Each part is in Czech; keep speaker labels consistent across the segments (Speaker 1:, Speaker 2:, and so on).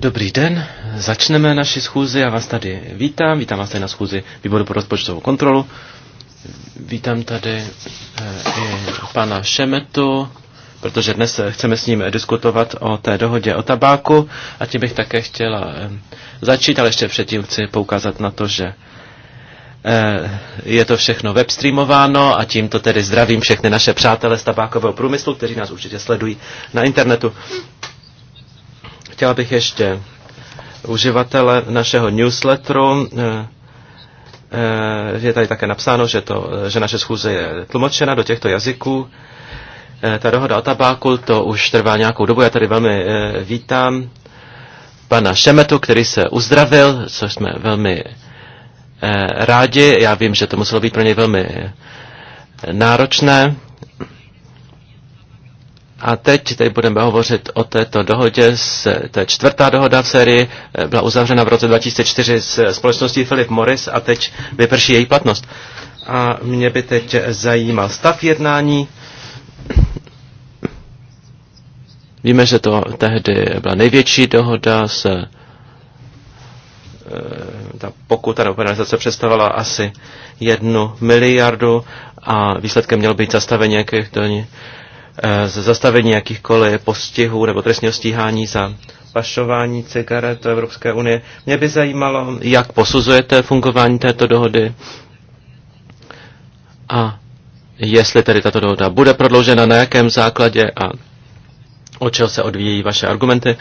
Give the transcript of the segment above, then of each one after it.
Speaker 1: Dobrý den, začneme naši schůzi, já vás tady vítám, vítám vás tady na schůzi výboru pro rozpočtovou kontrolu. Vítám tady eh, i pana Šemetu, protože dnes eh, chceme s ním diskutovat o té dohodě o tabáku a tím bych také chtěla eh, začít, ale ještě předtím chci poukázat na to, že Eh, je to všechno webstreamováno a tímto tedy zdravím všechny naše přátelé z tabákového průmyslu, kteří nás určitě sledují na internetu. Chtěla bych ještě uživatele našeho newsletteru. Eh, eh, je tady také napsáno, že, to, že naše schůze je tlumočena do těchto jazyků. Ta dohoda o tabáku, to už trvá nějakou dobu. Já tady velmi vítám pana Šemetu, který se uzdravil, což jsme velmi Eh, rádi. Já vím, že to muselo být pro ně velmi eh, náročné. A teď tady budeme hovořit o této dohodě. To je čtvrtá dohoda v sérii, eh, byla uzavřena v roce 2004 s společností Philip Morris a teď vyprší její platnost. A mě by teď zajímal stav jednání. Víme, že to tehdy byla největší dohoda s Eh, ta pokuta nebo penalizace představovala asi jednu miliardu a výsledkem měl být zastavení nějakých doň, eh, zastavení jakýchkoliv postihů nebo trestního stíhání za pašování cigaret do Evropské unie. Mě by zajímalo, jak posuzujete fungování této dohody a jestli tedy tato dohoda bude prodloužena, na jakém základě a od čeho se odvíjí vaše argumenty.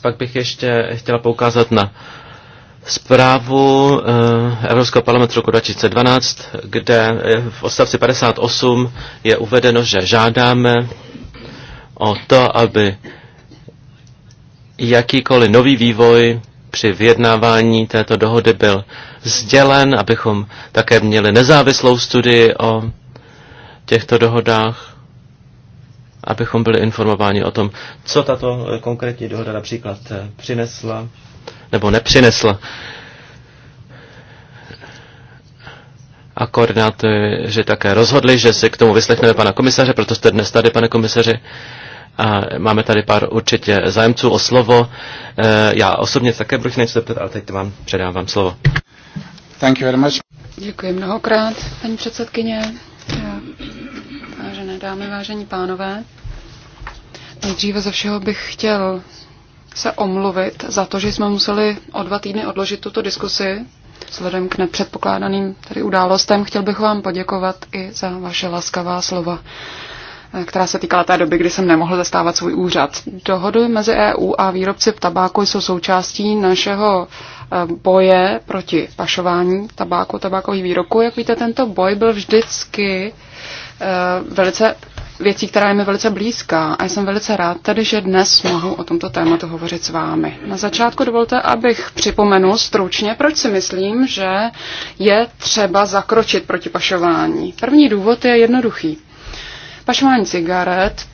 Speaker 1: Pak bych ještě chtěla poukázat na zprávu eh, Evropského parlamentu roku 2012, kde eh, v odstavci 58 je uvedeno, že žádáme o to, aby jakýkoliv nový vývoj při vyjednávání této dohody byl sdělen, abychom také měli nezávislou studii o těchto dohodách abychom byli informováni o tom, co tato eh, konkrétní dohoda například eh, přinesla nebo nepřinesla. A koordinátoři také rozhodli, že si k tomu vyslechneme pana komisaře, proto jste dnes tady, pane komisaři. A máme tady pár určitě zájemců o slovo. Eh, já osobně také budu něco zeptat, ale teď vám předávám slovo. Thank you very much.
Speaker 2: Děkuji mnohokrát, paní předsedkyně. Vážené dámy, vážení pánové. Nejdříve ze všeho bych chtěl se omluvit za to, že jsme museli o dva týdny odložit tuto diskusi. Vzhledem k nepředpokládaným tady událostem chtěl bych vám poděkovat i za vaše laskavá slova, eh, která se týkala té doby, kdy jsem nemohl zastávat svůj úřad. Dohody mezi EU a výrobci tabáku jsou součástí našeho eh, boje proti pašování tabáku, tabákových výroků. Jak víte, tento boj byl vždycky eh, velice věcí, která je mi velice blízká a jsem velice rád tedy, že dnes mohu o tomto tématu hovořit s vámi. Na začátku dovolte, abych připomenul stručně, proč si myslím, že je třeba zakročit proti pašování. První důvod je jednoduchý. Pašování cigaret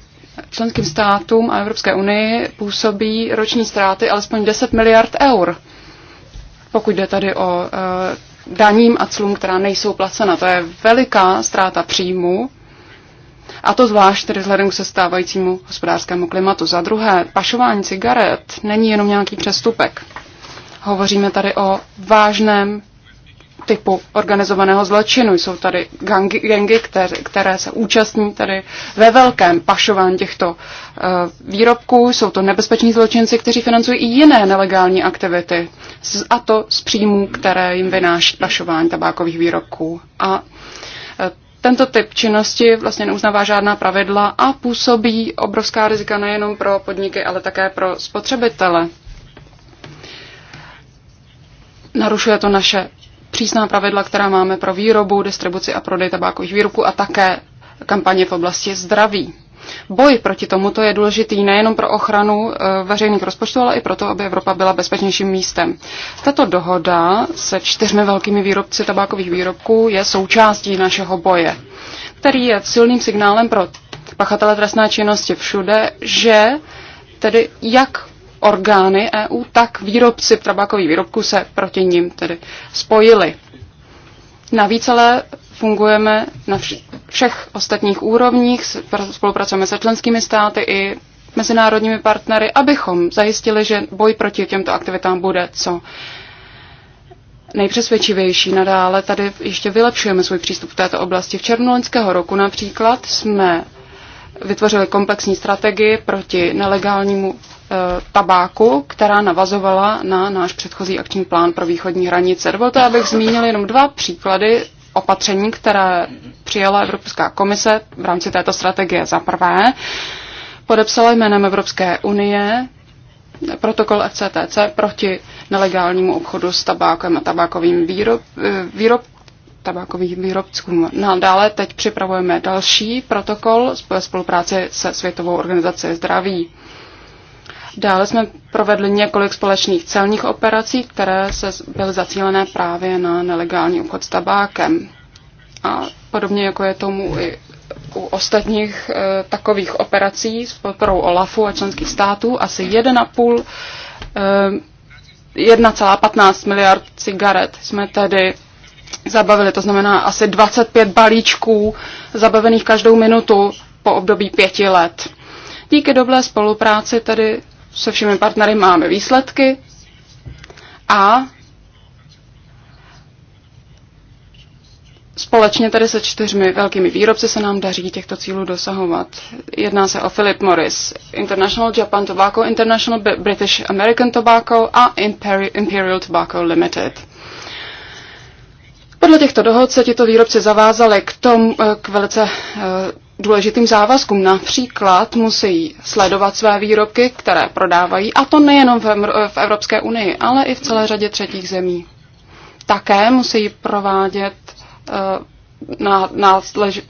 Speaker 2: členským státům a Evropské unii působí roční ztráty alespoň 10 miliard eur, pokud jde tady o eh, daním a clům, která nejsou placena. To je veliká ztráta příjmů a to zvlášť tedy vzhledem k sestávajícímu hospodářskému klimatu. Za druhé, pašování cigaret není jenom nějaký přestupek. Hovoříme tady o vážném typu organizovaného zločinu. Jsou tady gangy, gangy které, které se účastní tady ve velkém pašování těchto uh, výrobků. Jsou to nebezpeční zločinci, kteří financují i jiné nelegální aktivity. Z, a to z příjmů, které jim vynáší pašování tabákových výrobků. A tento typ činnosti vlastně neuznává žádná pravidla a působí obrovská rizika nejenom pro podniky, ale také pro spotřebitele. Narušuje to naše přísná pravidla, která máme pro výrobu, distribuci a prodej tabákových výrobků a také kampaně v oblasti zdraví. Boj proti tomuto je důležitý nejenom pro ochranu eh, veřejných rozpočtů, ale i proto, aby Evropa byla bezpečnějším místem. Tato dohoda se čtyřmi velkými výrobci tabákových výrobků je součástí našeho boje, který je silným signálem pro pachatele trestné činnosti všude, že tedy jak orgány EU, tak výrobci tabákových výrobků se proti ním tedy spojili. Navíc ale fungujeme na vš- všech ostatních úrovních, spolupracujeme se členskými státy i mezinárodními partnery, abychom zajistili, že boj proti těmto aktivitám bude co nejpřesvědčivější nadále. Tady ještě vylepšujeme svůj přístup v této oblasti. V červnu loňského roku například jsme vytvořili komplexní strategii proti nelegálnímu e, tabáku, která navazovala na náš předchozí akční plán pro východní hranice. Dovolte, abych zmínil jenom dva příklady opatření, které přijala Evropská komise v rámci této strategie. Za prvé, podepsala jménem Evropské unie protokol FCTC proti nelegálnímu obchodu s tabákem a tabákovým výrob, eh, výrob, tabákovým výrobcům. Nadále no teď připravujeme další protokol ve spolupráci se Světovou organizací zdraví. Dále jsme provedli několik společných celních operací, které se byly zacílené právě na nelegální obchod s tabákem. A podobně jako je tomu i u ostatních e, takových operací s podporou OLAFu a členských států asi 1,5 e, 1,15 miliard cigaret jsme tedy zabavili, to znamená asi 25 balíčků zabavených každou minutu po období pěti let. Díky dobré spolupráci tedy se všemi partnery máme výsledky a Společně tedy se čtyřmi velkými výrobci se nám daří těchto cílů dosahovat. Jedná se o Philip Morris International, Japan Tobacco International, British American Tobacco a Imperial Tobacco Limited. Podle těchto dohod se tito výrobci zavázali k, tom, eh, k velice eh, důležitým závazkům. Například musí sledovat své výrobky, které prodávají, a to nejenom v Evropské unii, ale i v celé řadě třetích zemí. Také musí provádět eh,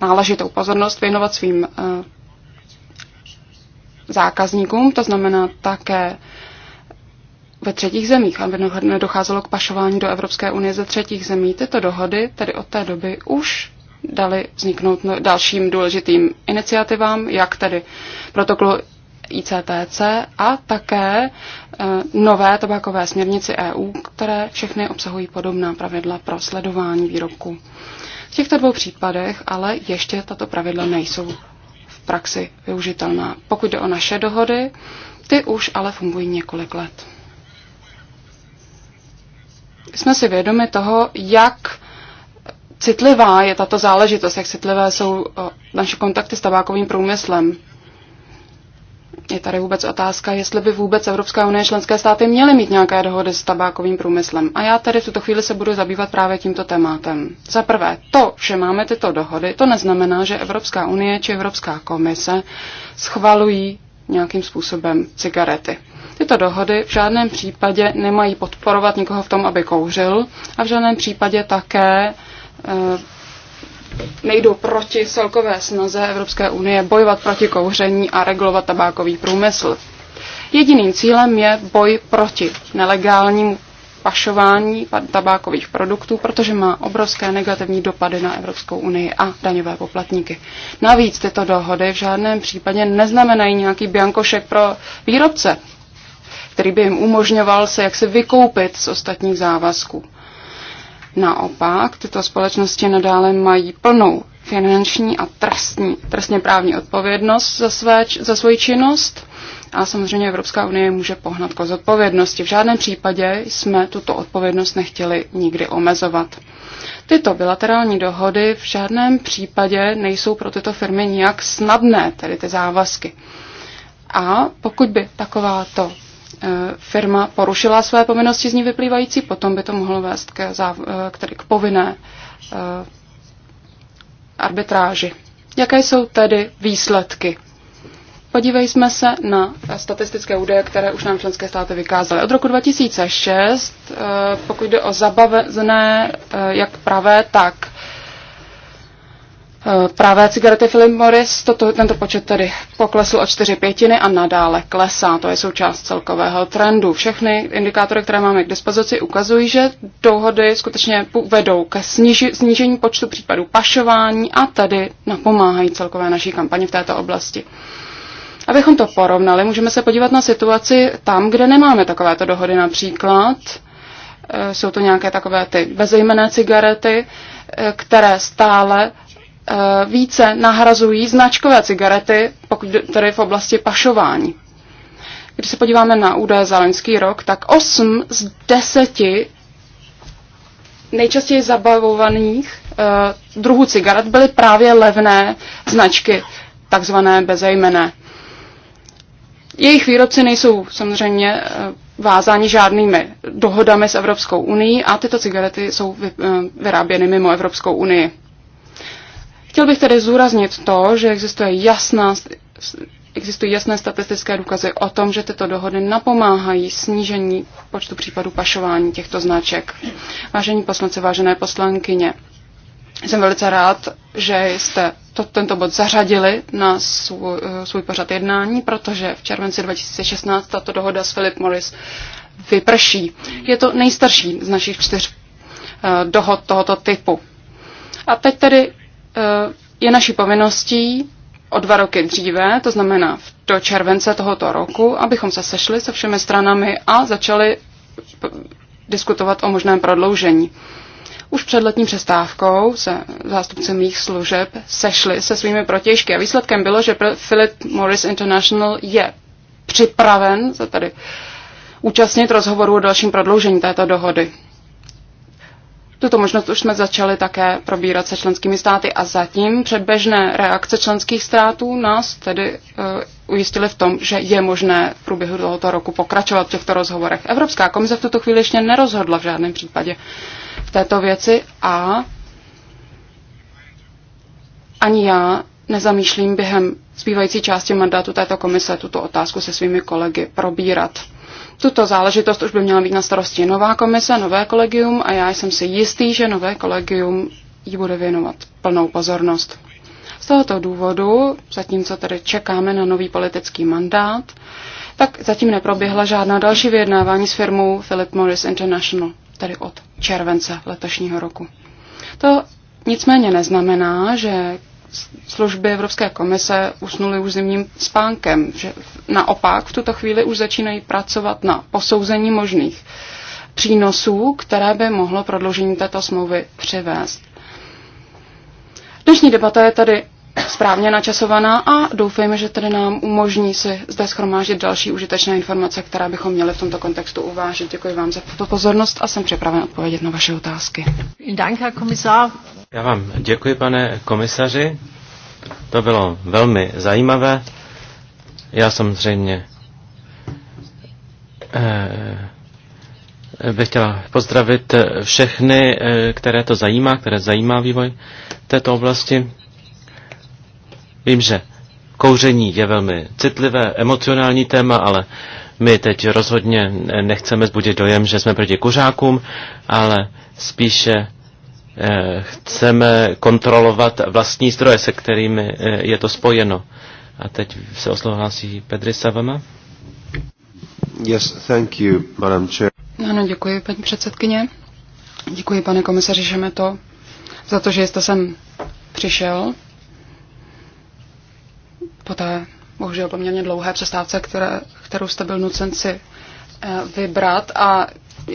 Speaker 2: náležitou pozornost věnovat svým eh, zákazníkům, to znamená také ve třetích zemích, aby nedocházelo k pašování do Evropské unie ze třetích zemí. Tyto dohody tedy od té doby už dali vzniknout no, dalším důležitým iniciativám, jak tedy protokolu ICTC a také eh, nové tabákové směrnici EU, které všechny obsahují podobná pravidla pro sledování výrobku. V těchto dvou případech ale ještě tato pravidla nejsou v praxi využitelná. Pokud jde o naše dohody, ty už ale fungují několik let. Jsme si vědomi toho, jak citlivá je tato záležitost, jak citlivé jsou eh, naše kontakty s tabákovým průmyslem. Je tady vůbec otázka, jestli by vůbec Evropská unie členské státy měly mít nějaké dohody s tabákovým průmyslem. A já tady v tuto chvíli se budu zabývat právě tímto tématem. Za prvé, to, že máme tyto dohody, to neznamená, že Evropská unie či Evropská komise schvalují nějakým způsobem cigarety. Tyto dohody v žádném případě nemají podporovat nikoho v tom, aby kouřil a v žádném případě také Eh, nejdou proti celkové snaze Evropské unie bojovat proti kouření a regulovat tabákový průmysl. Jediným cílem je boj proti nelegálnímu pašování tabákových produktů, protože má obrovské negativní dopady na Evropskou unii a daňové poplatníky. Navíc tyto dohody v žádném případě neznamenají nějaký biankošek pro výrobce, který by jim umožňoval se jaksi vykoupit z ostatních závazků. Naopak, tyto společnosti nadále mají plnou finanční a trestní, trestně právní odpovědnost za, své, za svoji činnost a samozřejmě Evropská unie může pohnat k zodpovědnosti. V žádném případě jsme tuto odpovědnost nechtěli nikdy omezovat. Tyto bilaterální dohody v žádném případě nejsou pro tyto firmy nijak snadné, tedy ty závazky. A pokud by takováto Eh, firma porušila své povinnosti z ní vyplývající, potom by to mohlo vést k, záv- eh, k, tedy k povinné eh, arbitráži. Jaké jsou tedy výsledky? Podívejme se na statistické údaje, které už nám členské státy vykázaly. Od roku 2006, pokud jde o zabavené jak pravé, tak Eh, Právě cigarety Philip Morris, toto, tento počet tedy poklesl o čtyři pětiny a nadále klesá. To je součást celkového trendu. Všechny indikátory, které máme k dispozici, ukazují, že dohody skutečně vedou ke sniži, snížení počtu případů pašování a tedy napomáhají celkové naší kampani v této oblasti. Abychom to porovnali, můžeme se podívat na situaci tam, kde nemáme takovéto dohody například. Eh, jsou to nějaké takové ty bezejmené cigarety, eh, které stále Eh, více nahrazují značkové cigarety, pokud tedy v oblasti pašování. Když se podíváme na údaje za loňský rok, tak 8 z 10 nejčastěji zabavovaných uh, druhů cigaret byly právě levné značky, takzvané bezejmené. Jejich výrobci nejsou samozřejmě uh, vázáni žádnými dohodami s Evropskou unii a tyto cigarety jsou vy, uh, vyráběny mimo Evropskou unii. Chtěl bych tedy zúraznit to, že existuje jasná, existují jasné statistické důkazy o tom, že tyto dohody napomáhají snížení počtu případů pašování těchto značek. Vážení poslanci, vážené poslankyně, jsem velice rád, že jste to, tento bod zařadili na svůj, svůj pořad jednání, protože v červenci 2016 tato dohoda s Philip Morris vyprší. Je to nejstarší z našich čtyř eh, dohod tohoto typu. A teď tedy Eh, je naší povinností o dva roky dříve, to znamená do července tohoto roku, abychom se sešli se všemi stranami a začali diskutovat o možném prodloužení. Už před letní přestávkou se zástupci mých služeb sešli se svými protěžky a výsledkem bylo, že Philip Morris International je připraven se tady účastnit rozhovoru o dalším prodloužení této dohody. Tuto možnost už jsme začali také probírat se členskými státy a zatím předběžné reakce členských států nás tedy uh, eh, ujistili v tom, že je možné v průběhu tohoto roku pokračovat v těchto rozhovorech. Evropská komise v tuto chvíli ještě nerozhodla v žádném případě v této věci a ani já nezamýšlím během zbývající části mandátu této komise tuto otázku se svými kolegy probírat. Tuto záležitost už by měla být na starosti nová komise, nové kolegium a já jsem si jistý, že nové kolegium jí bude věnovat plnou pozornost. Z tohoto důvodu, zatímco tedy čekáme na nový politický mandát, tak zatím neproběhla žádná další vyjednávání s firmou Philip Morris International, tedy od července letošního roku. To nicméně neznamená, že služby Evropské komise usnuly už zimním spánkem. Že naopak v tuto chvíli už začínají pracovat na posouzení možných přínosů, které by mohlo prodloužení této smlouvy přivést. Dnešní debata je tady správně načasovaná a doufejme, že tedy nám umožní si zde schromážit další užitečné informace, které bychom měli v tomto kontextu uvážit. Děkuji vám za tuto pozornost a jsem připraven odpovědět na vaše otázky. Děkuji, Herr
Speaker 1: já vám děkuji, pane komisaři. To bylo velmi zajímavé. Já samozřejmě eh, bych chtěla pozdravit eh, všechny, eh, které to zajímá, které zajímá vývoj této oblasti. Vím, že kouření je velmi citlivé, emocionální téma, ale my teď rozhodně nechceme zbudit dojem, že jsme proti kuřákům, ale spíše Eh, chceme kontrolovat vlastní zdroje, se kterými eh, je to spojeno. A teď se oslovohlásí Pedri Savama. Yes, thank you, Madam Chair.
Speaker 2: Ano, děkuji, paní předsedkyně. Děkuji, pane komisaři to za to, že jste sem přišel. Po té bohužel poměrně dlouhé přestávce, které, kterou jste byl nucen si eh, vybrat a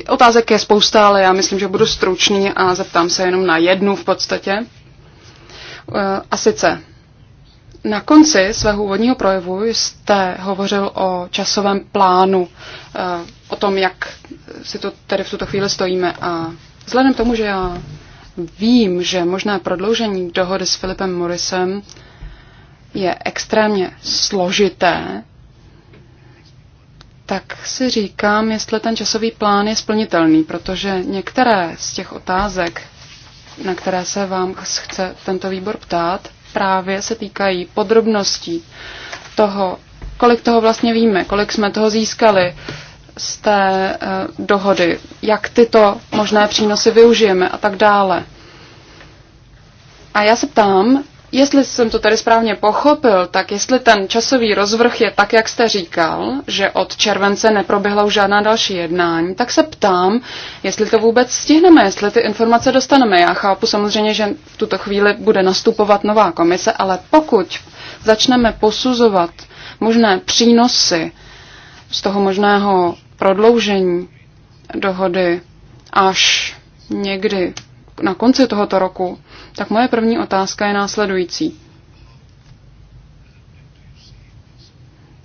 Speaker 2: Otázek je spousta, ale já myslím, že budu stručný a zeptám se jenom na jednu v podstatě. E, a sice, na konci svého úvodního projevu jste hovořil o časovém plánu, e, o tom, jak si to tedy v tuto chvíli stojíme. A vzhledem k tomu, že já vím, že možné prodloužení dohody s Filipem Morrisem je extrémně složité, tak si říkám, jestli ten časový plán je splnitelný, protože některé z těch otázek, na které se vám chce tento výbor ptát, právě se týkají podrobností toho, kolik toho vlastně víme, kolik jsme toho získali z té eh, dohody, jak tyto možné přínosy využijeme a tak dále. A já se ptám, Jestli jsem to tady správně pochopil, tak jestli ten časový rozvrh je tak, jak jste říkal, že od července neproběhla už žádná další jednání, tak se ptám, jestli to vůbec stihneme, jestli ty informace dostaneme. Já chápu samozřejmě, že v tuto chvíli bude nastupovat nová komise, ale pokud začneme posuzovat možné přínosy z toho možného prodloužení dohody až někdy na konci tohoto roku, tak moje první otázka je následující.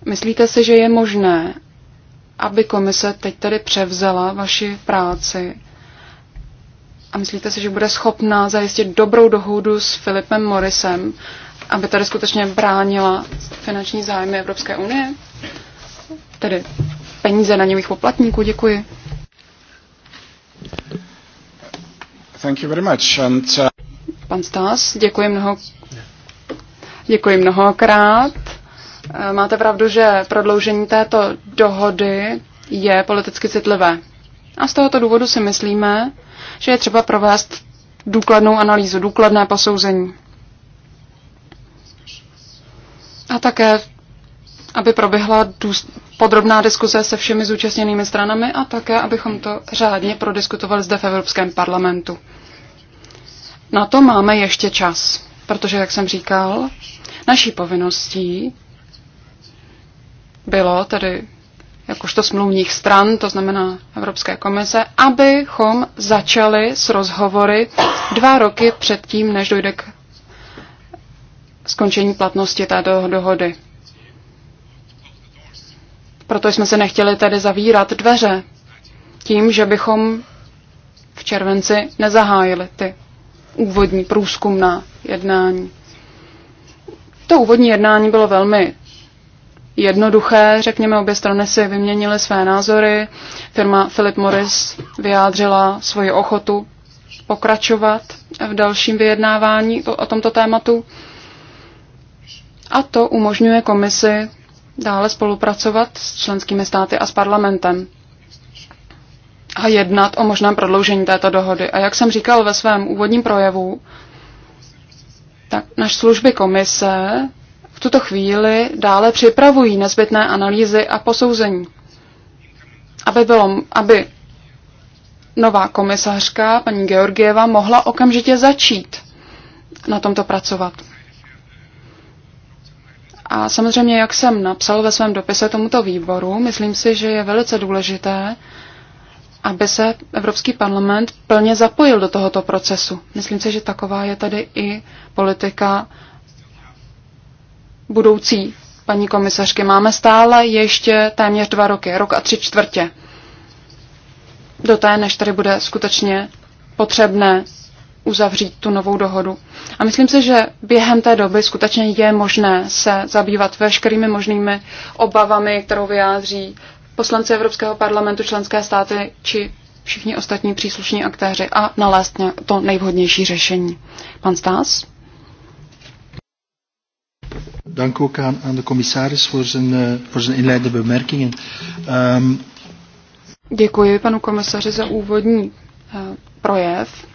Speaker 2: Myslíte si, že je možné, aby komise teď tedy převzala vaši práci a myslíte si, že bude schopná zajistit dobrou dohodu s Filipem Morrisem, aby tady skutečně bránila finanční zájmy Evropské unie? Tedy peníze na němých poplatníků, děkuji.
Speaker 1: Thank you very much. And, uh...
Speaker 2: Pan Stas, děkuji, mnoho, děkuji mnohokrát. Eh, máte pravdu, že prodloužení této dohody je politicky citlivé. A z tohoto důvodu si myslíme, že je třeba provést důkladnou analýzu, důkladné posouzení. A také, aby proběhla podrobná diskuze se všemi zúčastněnými stranami a také, abychom to řádně prodiskutovali zde v Evropském parlamentu. Na to máme ještě čas, protože, jak jsem říkal, naší povinností bylo tedy jakožto smluvních stran, to znamená Evropské komise, abychom začali s rozhovory dva roky předtím, než dojde k skončení platnosti této dohody. Proto jsme se nechtěli tedy zavírat dveře tím, že bychom v červenci nezahájili ty úvodní průzkum na jednání. To úvodní jednání bylo velmi jednoduché, řekněme, obě strany si vyměnily své názory. Firma Philip Morris vyjádřila svoji ochotu pokračovat v dalším vyjednávání o tomto tématu. A to umožňuje komisi dále spolupracovat s členskými státy a s parlamentem a jednat o možném prodloužení této dohody. A jak jsem říkal ve svém úvodním projevu, tak naš služby komise v tuto chvíli dále připravují nezbytné analýzy a posouzení, aby, bylo, aby nová komisařka, paní Georgieva, mohla okamžitě začít na tomto pracovat. A samozřejmě, jak jsem napsal ve svém dopise tomuto výboru, myslím si, že je velice důležité, aby se Evropský parlament plně zapojil do tohoto procesu. Myslím si, že taková je tady i politika budoucí paní komisařky. Máme stále ještě téměř dva roky, rok a tři čtvrtě. Do té, než tady bude skutečně potřebné uzavřít tu novou dohodu. A myslím si, že během té doby skutečně je možné se zabývat veškerými možnými obavami, kterou vyjádří poslanci Evropského parlamentu, členské státy či všichni ostatní příslušní aktéři a nalézt to nejvhodnější řešení. Pan Stás?
Speaker 1: Dank ook aan, aan de commissaris voor zijn, uh, voor zijn inleidende bemerkingen. Um...
Speaker 2: Děkuji panu komisaři za úvodní uh, projev.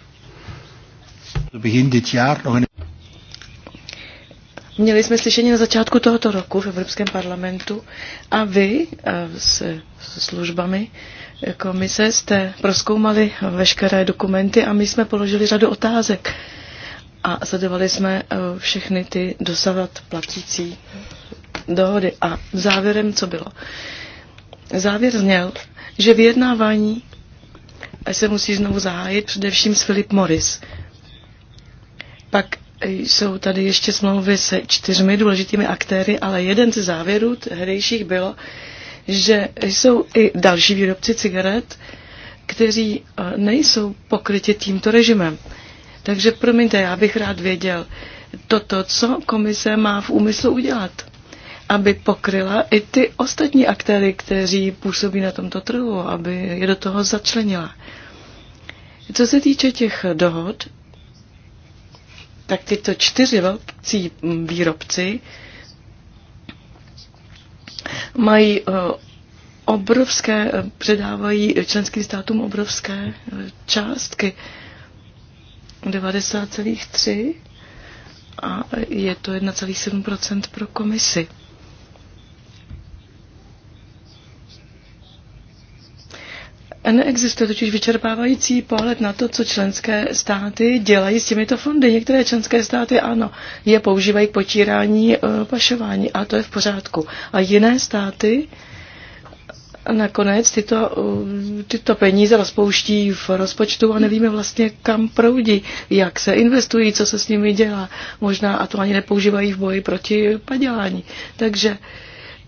Speaker 1: Begin dit jaar nog een
Speaker 2: Měli jsme slyšení na
Speaker 3: začátku tohoto roku v Evropském parlamentu a vy eh, se službami komise jste proskoumali veškeré dokumenty a my jsme položili řadu otázek a sledovali jsme eh, všechny ty dosavat platící dohody. A závěrem co bylo? Závěr zněl, že vyjednávání se musí znovu zahájit především s Filip Morris. Pak jsou tady ještě smlouvy se čtyřmi důležitými aktéry, ale jeden ze závěrů tehdejších bylo, že jsou i další výrobci cigaret, kteří eh, nejsou pokryti tímto režimem. Takže promiňte, já bych rád věděl toto, co komise má v úmyslu udělat, aby pokryla i ty ostatní aktéry, kteří působí na tomto trhu, aby je do toho začlenila. Co se týče těch dohod, tak tyto čtyři velcí výrobci mají eh, obrovské, eh, předávají členským státům obrovské eh, částky. 90,3 a je to 1,7% pro komisi. Neexistuje totiž vyčerpávající pohled na to, co členské státy dělají s těmito fondy. Některé členské státy ano, je používají k potírání e, pašování a to je v pořádku. A jiné státy nakonec tyto, e, tyto peníze rozpouští v rozpočtu a nevíme vlastně, kam proudí, jak se investují, co se s nimi dělá. Možná a to ani nepoužívají v boji proti padělání. Takže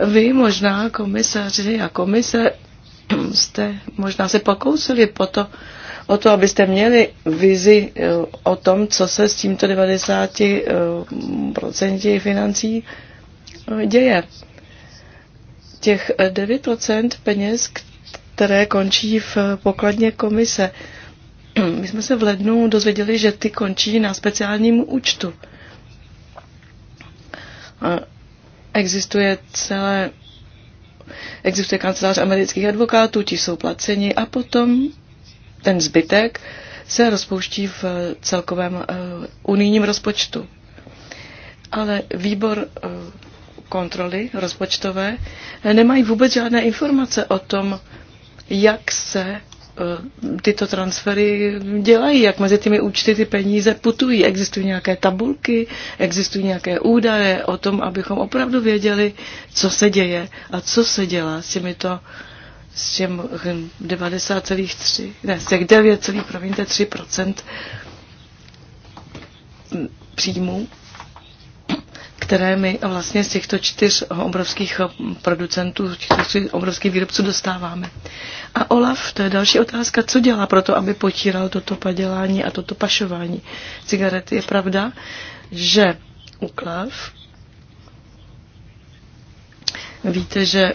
Speaker 3: vy možná komisaři a komise jste možná se pokousili po to, o to, abyste měli vizi eh, o tom, co se s tímto 90% eh, financí eh, děje. Těch 9% peněz, které končí v pokladně komise, my jsme se v lednu dozvěděli, že ty končí na speciálním účtu. Existuje celé Existuje kancelář amerických advokátů, ti jsou placeni a potom ten zbytek se rozpouští v celkovém eh, unijním rozpočtu. Ale výbor eh, kontroly rozpočtové nemají vůbec žádné informace o tom, jak se Eh, tyto transfery dělají, jak mezi těmi účty ty peníze putují. Existují nějaké tabulky, existují nějaké údaje o tom, abychom opravdu věděli, co se děje a co se dělá s těmito s těm 90,3, hm, ne, z těch 9,3% hm, příjmů které my vlastně z těchto čtyř obrovských eh, producentů, těchto čtyř obrovských výrobců dostáváme. A Olaf, to je další otázka, co dělá pro to, aby potíral toto padělání a toto pašování cigaret. Je pravda, že UKLAV, víte, že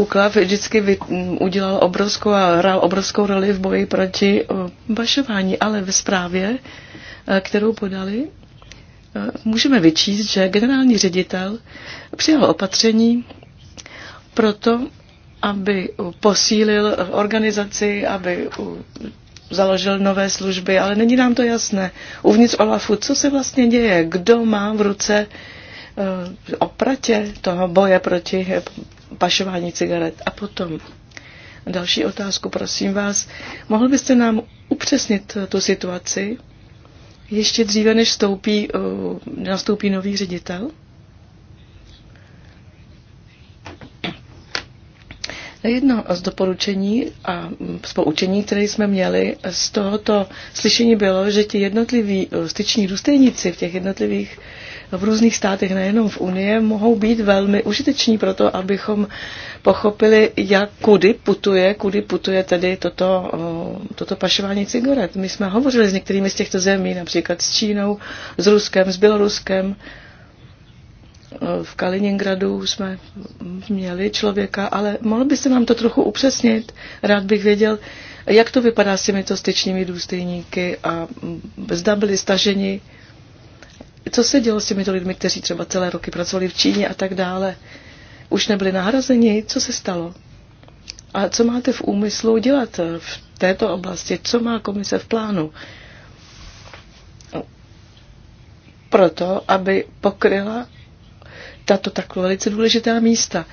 Speaker 3: UKLAV vždycky vy, mm, udělal obrovskou a hrál obrovskou roli v boji proti bašování, eh, ale ve zprávě, eh, kterou podali, eh, můžeme vyčíst, že generální ředitel přijal opatření proto, aby posílil organizaci, aby založil nové služby, ale není nám to jasné. Uvnitř OLAFu, co se vlastně děje, kdo má v ruce opratě toho boje proti pašování cigaret. A potom další otázku, prosím vás. Mohl byste nám upřesnit eh, tu situaci ještě dříve, než stoupí, eh, nastoupí nový ředitel? Jedno z doporučení a z poučení, které jsme měli z tohoto slyšení bylo, že ti jednotliví eh, styční důstojníci v těch jednotlivých v různých státech, nejenom v Unii, mohou být velmi užiteční pro to, abychom pochopili, jak kudy putuje, kudy putuje tedy toto, toto pašování cigaret. My jsme hovořili s některými z těchto zemí, například s Čínou, s Ruskem, s Běloruskem. V Kaliningradu jsme měli člověka, ale mohl byste nám to trochu upřesnit? Rád bych věděl, jak to vypadá s těmito styčními důstojníky a zda byli staženi co se dělo s těmito lidmi, kteří třeba celé roky pracovali v Číně a tak dále? Už nebyli nahrazeni? Co se stalo? A co máte v úmyslu dělat v této oblasti? Co má komise v plánu? Proto, aby pokryla tato tak velice důležitá místa.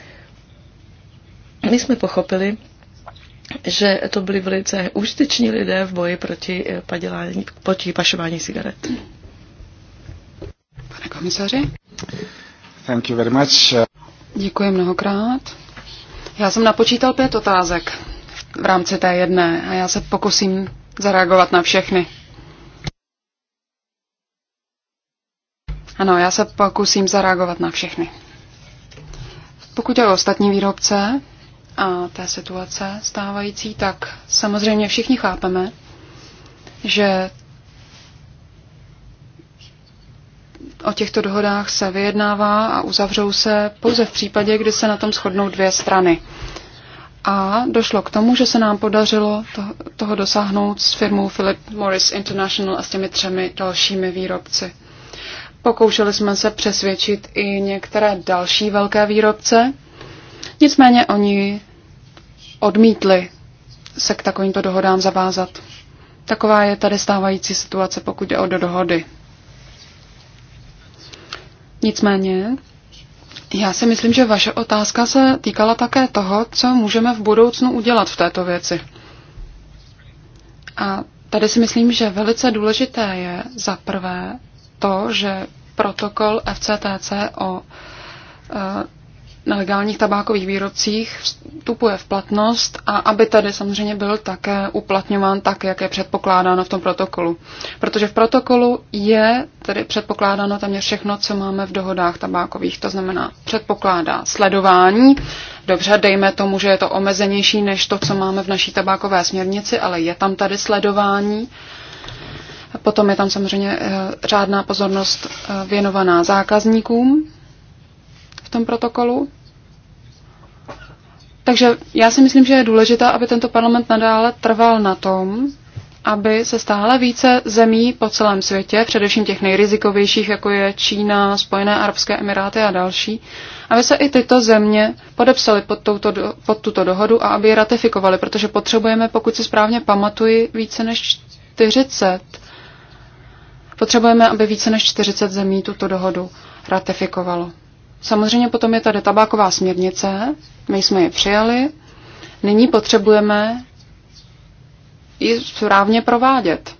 Speaker 3: My jsme pochopili, že to byli velice užiteční lidé v boji proti, padělání, proti pašování cigaret
Speaker 2: pane komisaři.
Speaker 1: Thank you very much.
Speaker 2: Děkuji mnohokrát. Já jsem napočítal pět otázek v rámci té jedné a já se pokusím zareagovat na všechny. Ano, já se pokusím zareagovat na všechny. Pokud je o ostatní výrobce a té situace stávající, tak samozřejmě všichni chápeme, že o těchto dohodách se vyjednává a uzavřou se pouze v případě, kdy se na tom shodnou dvě strany. A došlo k tomu, že se nám podařilo toho dosáhnout s firmou Philip Morris International a s těmi třemi dalšími výrobci. Pokoušeli jsme se přesvědčit i některé další velké výrobce, nicméně oni odmítli se k takovýmto dohodám zavázat. Taková je tady stávající situace, pokud jde o do dohody. Nicméně, já si myslím, že vaše otázka se týkala také toho, co můžeme v budoucnu udělat v této věci. A tady si myslím, že velice důležité je za prvé to, že protokol FCTC o eh, nelegálních tabákových výrobcích vstupuje v platnost a aby tady samozřejmě byl také uplatňován tak, jak je předpokládáno v tom protokolu. Protože v protokolu je tedy předpokládáno téměř všechno, co máme v dohodách tabákových. To znamená, předpokládá sledování. Dobře, dejme tomu, že je to omezenější než to, co máme v naší tabákové směrnici, ale je tam tady sledování. Potom je tam samozřejmě eh, řádná pozornost eh, věnovaná zákazníkům v tom protokolu. Takže já si myslím, že je důležité, aby tento parlament nadále trval na tom, aby se stále více zemí po celém světě, především těch nejrizikovějších, jako je Čína, Spojené arabské emiráty a další, aby se i tyto země podepsaly pod, touto, pod tuto dohodu a aby ji ratifikovaly, protože potřebujeme, pokud si správně pamatuji, více než 40. Potřebujeme, aby více než 40 zemí tuto dohodu ratifikovalo. Samozřejmě potom je tady tabáková směrnice, my jsme ji přijali, nyní potřebujeme ji správně provádět.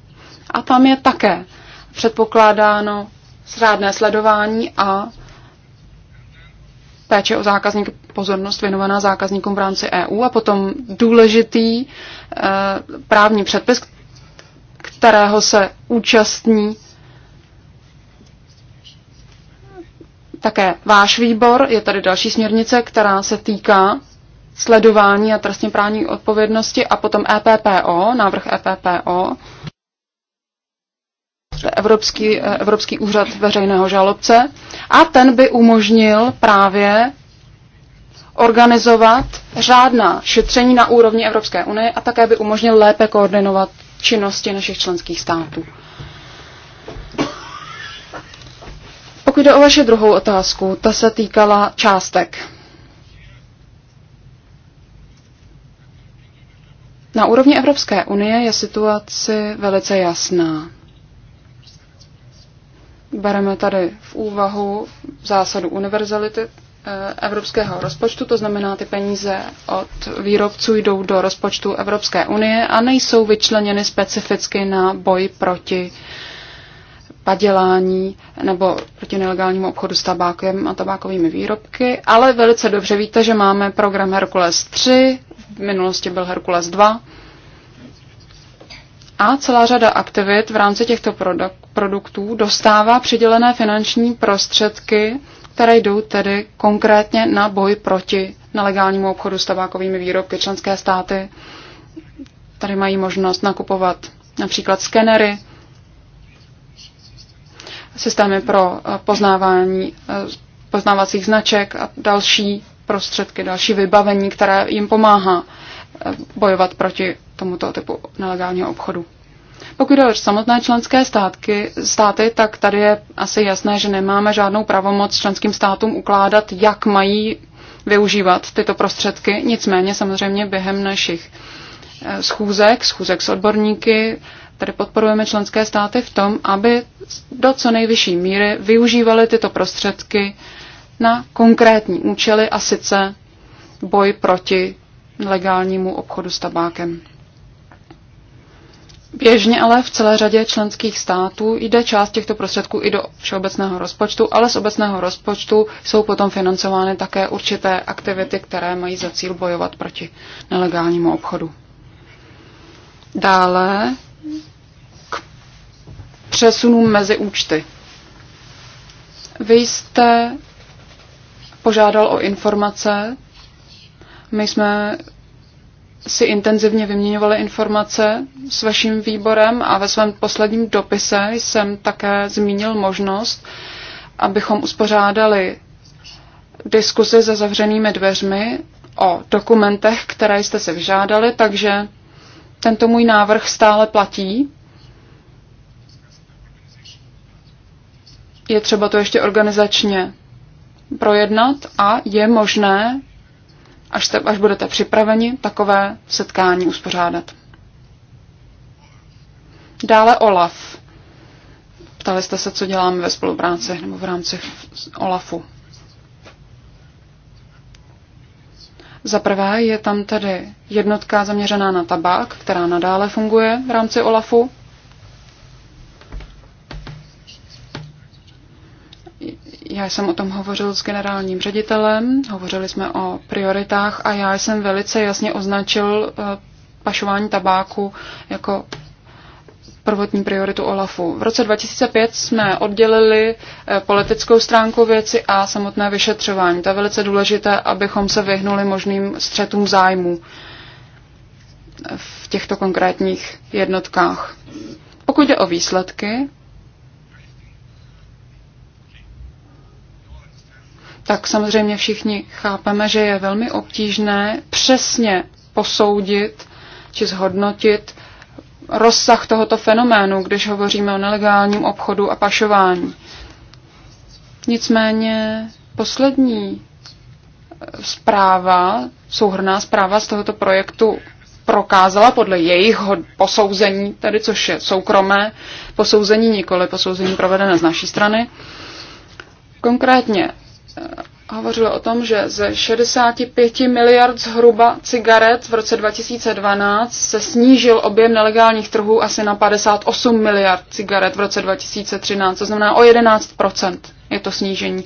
Speaker 2: A tam je také předpokládáno srádné sledování a péče o zákazník, pozornost věnovaná zákazníkům v rámci EU a potom důležitý e, právní předpis, kterého se účastní také váš výbor, je tady další směrnice, která se týká sledování a trestně právní odpovědnosti a potom EPPO, návrh EPPO, Evropský, Evropský úřad veřejného žalobce a ten by umožnil právě organizovat řádná šetření na úrovni Evropské unie a také by umožnil lépe koordinovat činnosti našich členských států. Pokud jde o vaši druhou otázku, ta se týkala částek. Na úrovni Evropské unie je situace velice jasná. Bereme tady v úvahu zásadu univerzality eh, evropského rozpočtu, to znamená, ty peníze od výrobců jdou do rozpočtu Evropské unie a nejsou vyčleněny specificky na boj proti uh, padělání nebo proti nelegálnímu obchodu s tabákem a tabákovými výrobky, ale velice dobře víte, že máme program Herkules 3, v minulosti byl Herkules 2 a celá řada aktivit v rámci těchto produk- produktů dostává přidělené finanční prostředky, které jdou tedy konkrétně na boj proti nelegálnímu obchodu s tabákovými výrobky. Členské státy tady mají možnost nakupovat například skenery, systémy pro eh, poznávání eh, poznávacích značek a další prostředky, další vybavení, které jim pomáhá eh, bojovat proti tomuto typu nelegálního obchodu. Pokud jde o samotné členské státky, státy, tak tady je asi jasné, že nemáme žádnou pravomoc členským státům ukládat, jak mají využívat tyto prostředky. Nicméně samozřejmě během našich schůzek, schůzek s odborníky, Tady podporujeme členské státy v tom, aby do co nejvyšší míry využívaly tyto prostředky na konkrétní účely a sice boj proti legálnímu obchodu s tabákem. Běžně ale v celé řadě členských států jde část těchto prostředků i do všeobecného rozpočtu, ale z obecného rozpočtu jsou potom financovány také určité aktivity, které mají za cíl bojovat proti nelegálnímu obchodu. Dále k přesunům mezi účty. Vy jste požádal o informace, my jsme si intenzivně vyměňovali informace s vaším výborem a ve svém posledním dopise jsem také zmínil možnost, abychom uspořádali diskuzi se zavřenými dveřmi o dokumentech, které jste se vyžádali, takže tento můj návrh stále platí. Je třeba to ještě organizačně projednat a je možné, až, te, až budete připraveni, takové setkání uspořádat. Dále OLAF. Ptali jste se, co děláme ve spolupráci nebo v rámci OLAFu. Za prvé je tam tedy jednotka zaměřená na tabák, která nadále funguje v rámci OLAFu. Já jsem o tom hovořil s generálním ředitelem, hovořili jsme o prioritách a já jsem velice jasně označil eh, pašování tabáku jako prvotní prioritu OLAFu. V roce 2005 jsme oddělili eh, politickou stránku věci a samotné vyšetřování. To je velice důležité, abychom se vyhnuli možným střetům zájmů eh, v těchto konkrétních jednotkách. Pokud jde o výsledky, tak samozřejmě všichni chápeme, že je velmi obtížné přesně posoudit či zhodnotit rozsah tohoto fenoménu, když hovoříme o nelegálním obchodu a pašování. Nicméně poslední eh, zpráva, souhrná zpráva z tohoto projektu prokázala podle jejich posouzení, tedy což je soukromé posouzení, nikoli posouzení provedené z naší strany, konkrétně eh, hovořil o tom, že ze 65 miliard zhruba cigaret v roce 2012 se snížil objem nelegálních trhů asi na 58 miliard cigaret v roce 2013, to znamená o 11 je to snížení.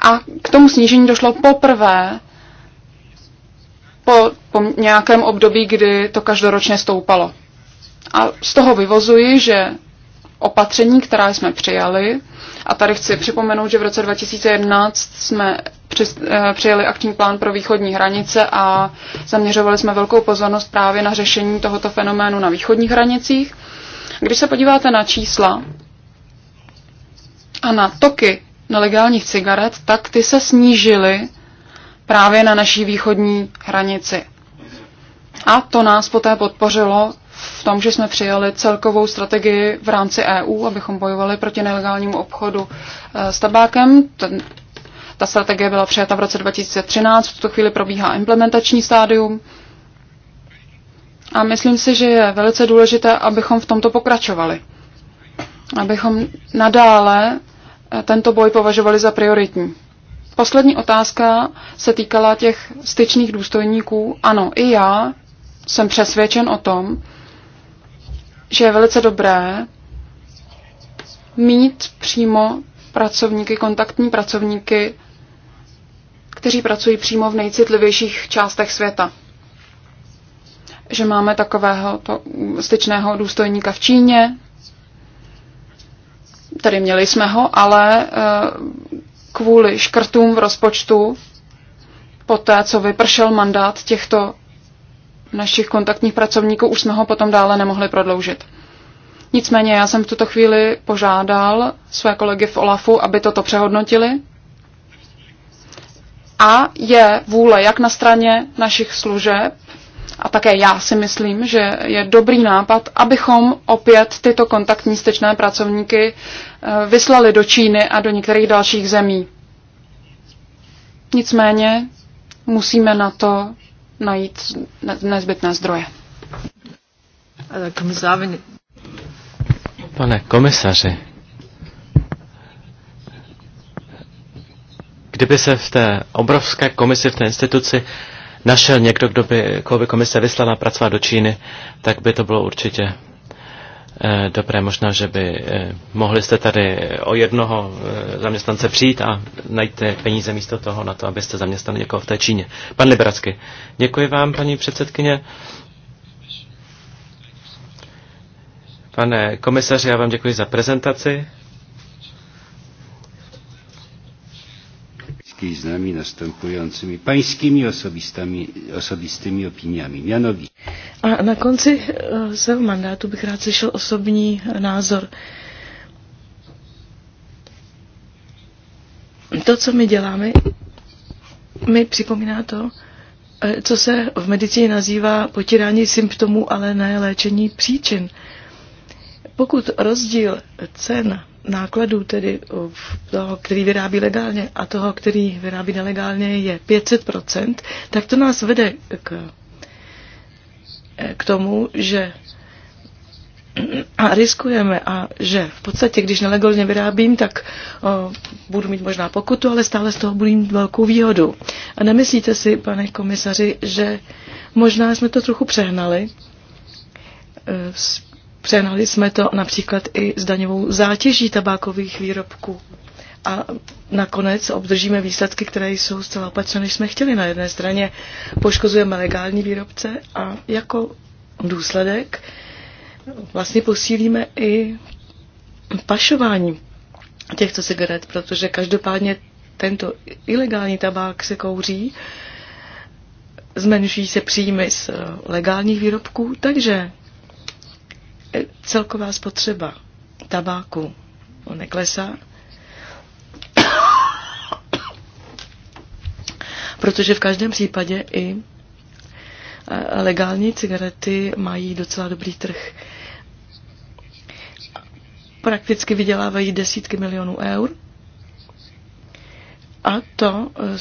Speaker 2: A k tomu snížení došlo poprvé po, po nějakém období, kdy to každoročně stoupalo. A z toho vyvozuji, že opatření, která jsme přijali. A tady chci připomenout, že v roce 2011 jsme eh, přijeli akční plán pro východní hranice a zaměřovali jsme velkou pozornost právě na řešení tohoto fenoménu na východních hranicích. Když se podíváte na čísla a na toky nelegálních cigaret, tak ty se snížily právě na naší východní hranici. A to nás poté podpořilo v tom, že jsme přijali celkovou strategii v rámci EU, abychom bojovali proti nelegálnímu obchodu eh, s tabákem. Ten, ta strategie byla přijata v roce 2013, v tuto chvíli probíhá implementační stádium. A myslím si, že je velice důležité, abychom v tomto pokračovali. Abychom nadále eh, tento boj považovali za prioritní. Poslední otázka se týkala těch styčných důstojníků. Ano, i já jsem přesvědčen o tom, že je velice dobré mít přímo pracovníky, kontaktní pracovníky, kteří pracují přímo v nejcitlivějších částech světa. Že máme takového to styčného důstojníka v Číně, tady měli jsme ho, ale eh, kvůli škrtům v rozpočtu, po co vypršel mandát těchto našich kontaktních pracovníků už jsme ho potom dále nemohli prodloužit. Nicméně já jsem v tuto chvíli požádal své kolegy v OLAFu, aby toto přehodnotili. A je vůle jak na straně našich služeb, a také já si myslím, že je dobrý nápad, abychom opět tyto kontaktní styčné pracovníky eh, vyslali do Číny a do některých dalších zemí. Nicméně musíme na to najít nezbytné zdroje.
Speaker 1: Pane komisaři, kdyby se v té obrovské komisi, v té instituci našel někdo, kdo by, koho by komise vyslala pracovat do Číny, tak by to bylo určitě Eh, dobré, možná, že by eh, mohli jste tady eh, o jednoho zaměstnance přijít a najít ty peníze místo toho na to, abyste zaměstnali někoho v té Číně. Pan Liberacky, děkuji vám, paní předsedkyně. Pane komisaři, já vám děkuji za prezentaci.
Speaker 2: bliskiej z nami następującymi pańskimi osobistami, osobistymi opiniami. Mianowicie.
Speaker 3: A na konci eh, swojego mandatu bych rád slyšel osobní názor. To, co my děláme, mi připomíná to, eh, co se v medicíně nazývá potírání symptomů, ale ne léčení příčin. Pokud rozdíl cen nákladů, tedy eh, toho, který vyrábí legálně a toho, který vyrábí nelegálně, je 500%, tak to nás vede k, eh, k tomu, že a riskujeme a že v podstatě, když nelegálně vyrábím, tak o, eh, budu mít možná pokutu, ale stále z toho budu mít velkou výhodu. A nemyslíte si, pane komisaři, že možná jsme to trochu přehnali? E, Přehnali jsme to například i s daňovou zátěží tabákových výrobků. A nakonec obdržíme výsledky, které jsou zcela opatřené, než jsme chtěli. Na jedné straně poškozujeme legální výrobce a jako důsledek vlastně posílíme i pašování těchto cigaret, protože každopádně tento ilegální tabák se kouří, zmenšují se příjmy z legálních výrobků, takže celková spotřeba tabáku neklesá, protože v každém případě i e, legální cigarety mají docela dobrý trh. Prakticky vydělávají desítky milionů eur a to e,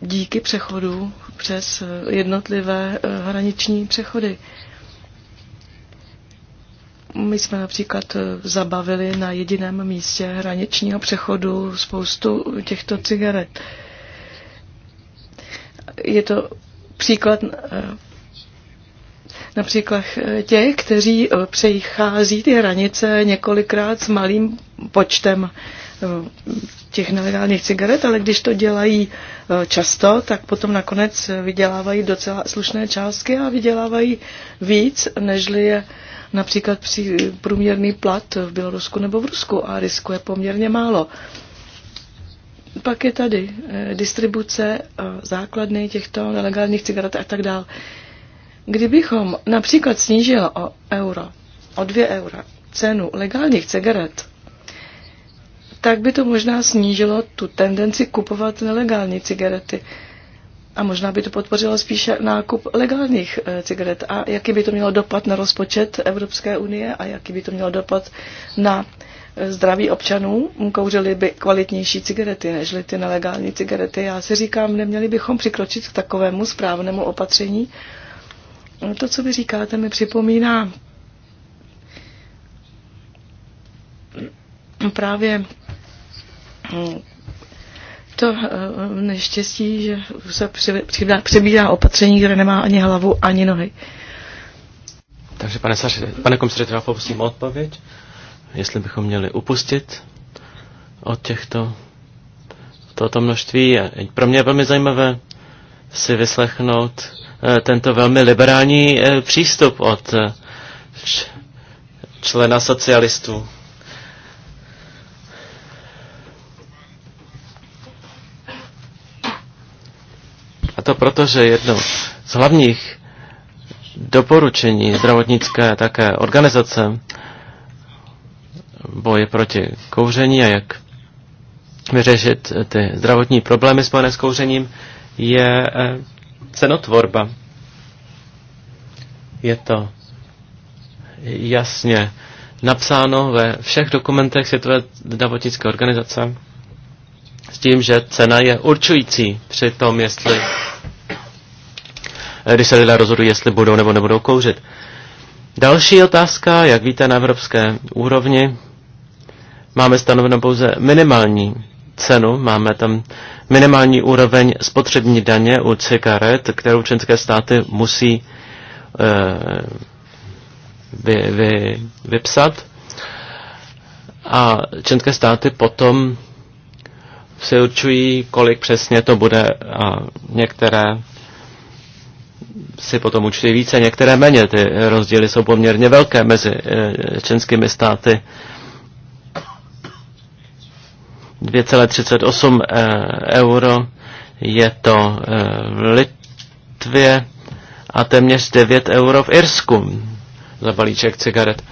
Speaker 3: díky přechodu přes e, jednotlivé hraniční přechody. My jsme například eh, zabavili na jediném místě hraničního přechodu spoustu těchto cigaret. Je to příklad eh, například eh, těch, kteří přechází ty hranice několikrát s malým počtem těch nelegálních cigaret, ale když to dělají často, tak potom nakonec vydělávají docela slušné částky a vydělávají víc, nežli je například při průměrný plat v Bělorusku nebo v Rusku a riskuje je poměrně málo. Pak je tady eh, distribuce eh, základny těchto nelegálních cigaret a tak dále. Kdybychom například snížili o euro, o dvě eura cenu legálních cigaret, tak by to možná snížilo tu tendenci kupovat nelegální cigarety. A možná by to podpořilo spíše nákup legálních eh, cigaret. A jaký by to mělo dopad na rozpočet Evropské unie a jaký by to mělo dopad na eh, zdraví občanů, kouřili by kvalitnější cigarety, než ty nelegální cigarety. Já si říkám, neměli bychom přikročit k takovému správnému opatření. No, to, co vy říkáte, mi připomíná právě mm, to eh, neštěstí, že se přebírá opatření, které nemá ani hlavu, ani nohy.
Speaker 1: Takže pane, Saři, pane komisaři, já poprosím odpověď, jestli bychom měli upustit od těchto tohoto množství. Pro mě je velmi zajímavé si vyslechnout eh, tento velmi liberální eh, přístup od člena socialistů. to proto, že jedno z hlavních doporučení zdravotnické také organizace boje proti kouření a jak vyřešit ty zdravotní problémy spojené s kouřením je eh, cenotvorba. Je to jasně napsáno ve všech dokumentech Světové zdravotnické organizace tím, že cena je určující při tom, jestli eh, když se lidé rozhodují, jestli budou nebo nebudou kouřit. Další otázka, jak víte, na evropské úrovni máme stanovenou pouze minimální cenu, máme tam minimální úroveň spotřební daně u cigaret, kterou členské státy musí uh, vy, vy, vypsat. A členské státy potom si určují, kolik přesně to bude a některé si potom učí více, některé méně. Ty rozdíly jsou poměrně velké mezi eh, členskými státy. 2,38 eh, euro je to eh, v Litvě a téměř 9 euro v Irsku za balíček cigaret.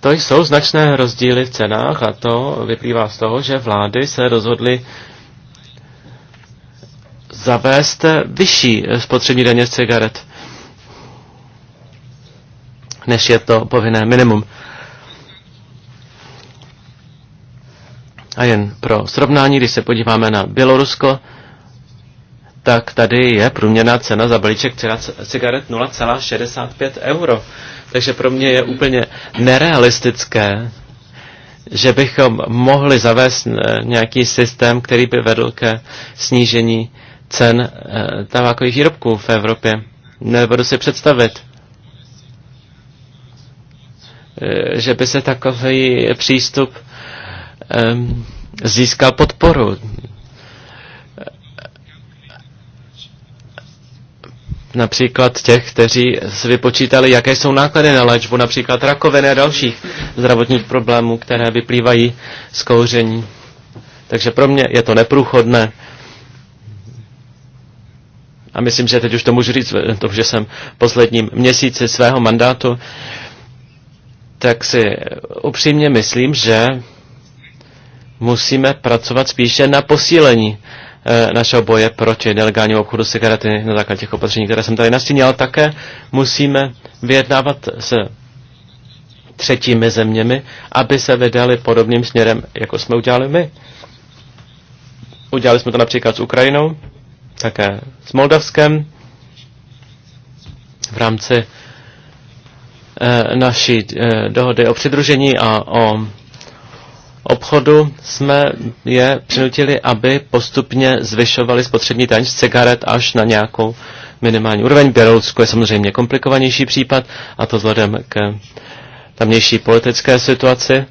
Speaker 1: To jsou značné rozdíly v cenách a to vyplývá z toho, že vlády se rozhodly zavést vyšší spotřební daně z cigaret, než je to povinné minimum. A jen pro srovnání, když se podíváme na Bělorusko, tak tady je průměrná cena za balíček cigaret 0,65 euro. Takže pro mě je úplně nerealistické, že bychom mohli zavést eh, nějaký systém, který by vedl ke snížení cen eh, tabákových výrobků v Evropě. Nebudu si představit, eh, že by se takový přístup ehm, získal podporu. například těch, kteří si vypočítali, jaké jsou náklady na léčbu, například rakoviny a dalších zdravotních problémů, které vyplývají z kouření. Takže pro mě je to neprůchodné. A myslím, že teď už to můžu říct, to, že jsem v posledním měsíci svého mandátu, tak si upřímně myslím, že musíme pracovat spíše na posílení Eh, našeho boje proti nelegálnímu obchodu s cigarety na základě těch opatření, které jsem tady nastínil, také musíme vyjednávat s třetími zeměmi, aby se vydali podobným směrem, jako jsme udělali my. Udělali jsme to například s Ukrajinou, také s Moldavskem v rámci eh, naší eh, dohody o přidružení a o obchodu jsme je přinutili, aby postupně zvyšovali spotřební daň z cigaret až na nějakou minimální úroveň. Bělorusko je samozřejmě komplikovanější případ a to vzhledem k tamnější politické situaci.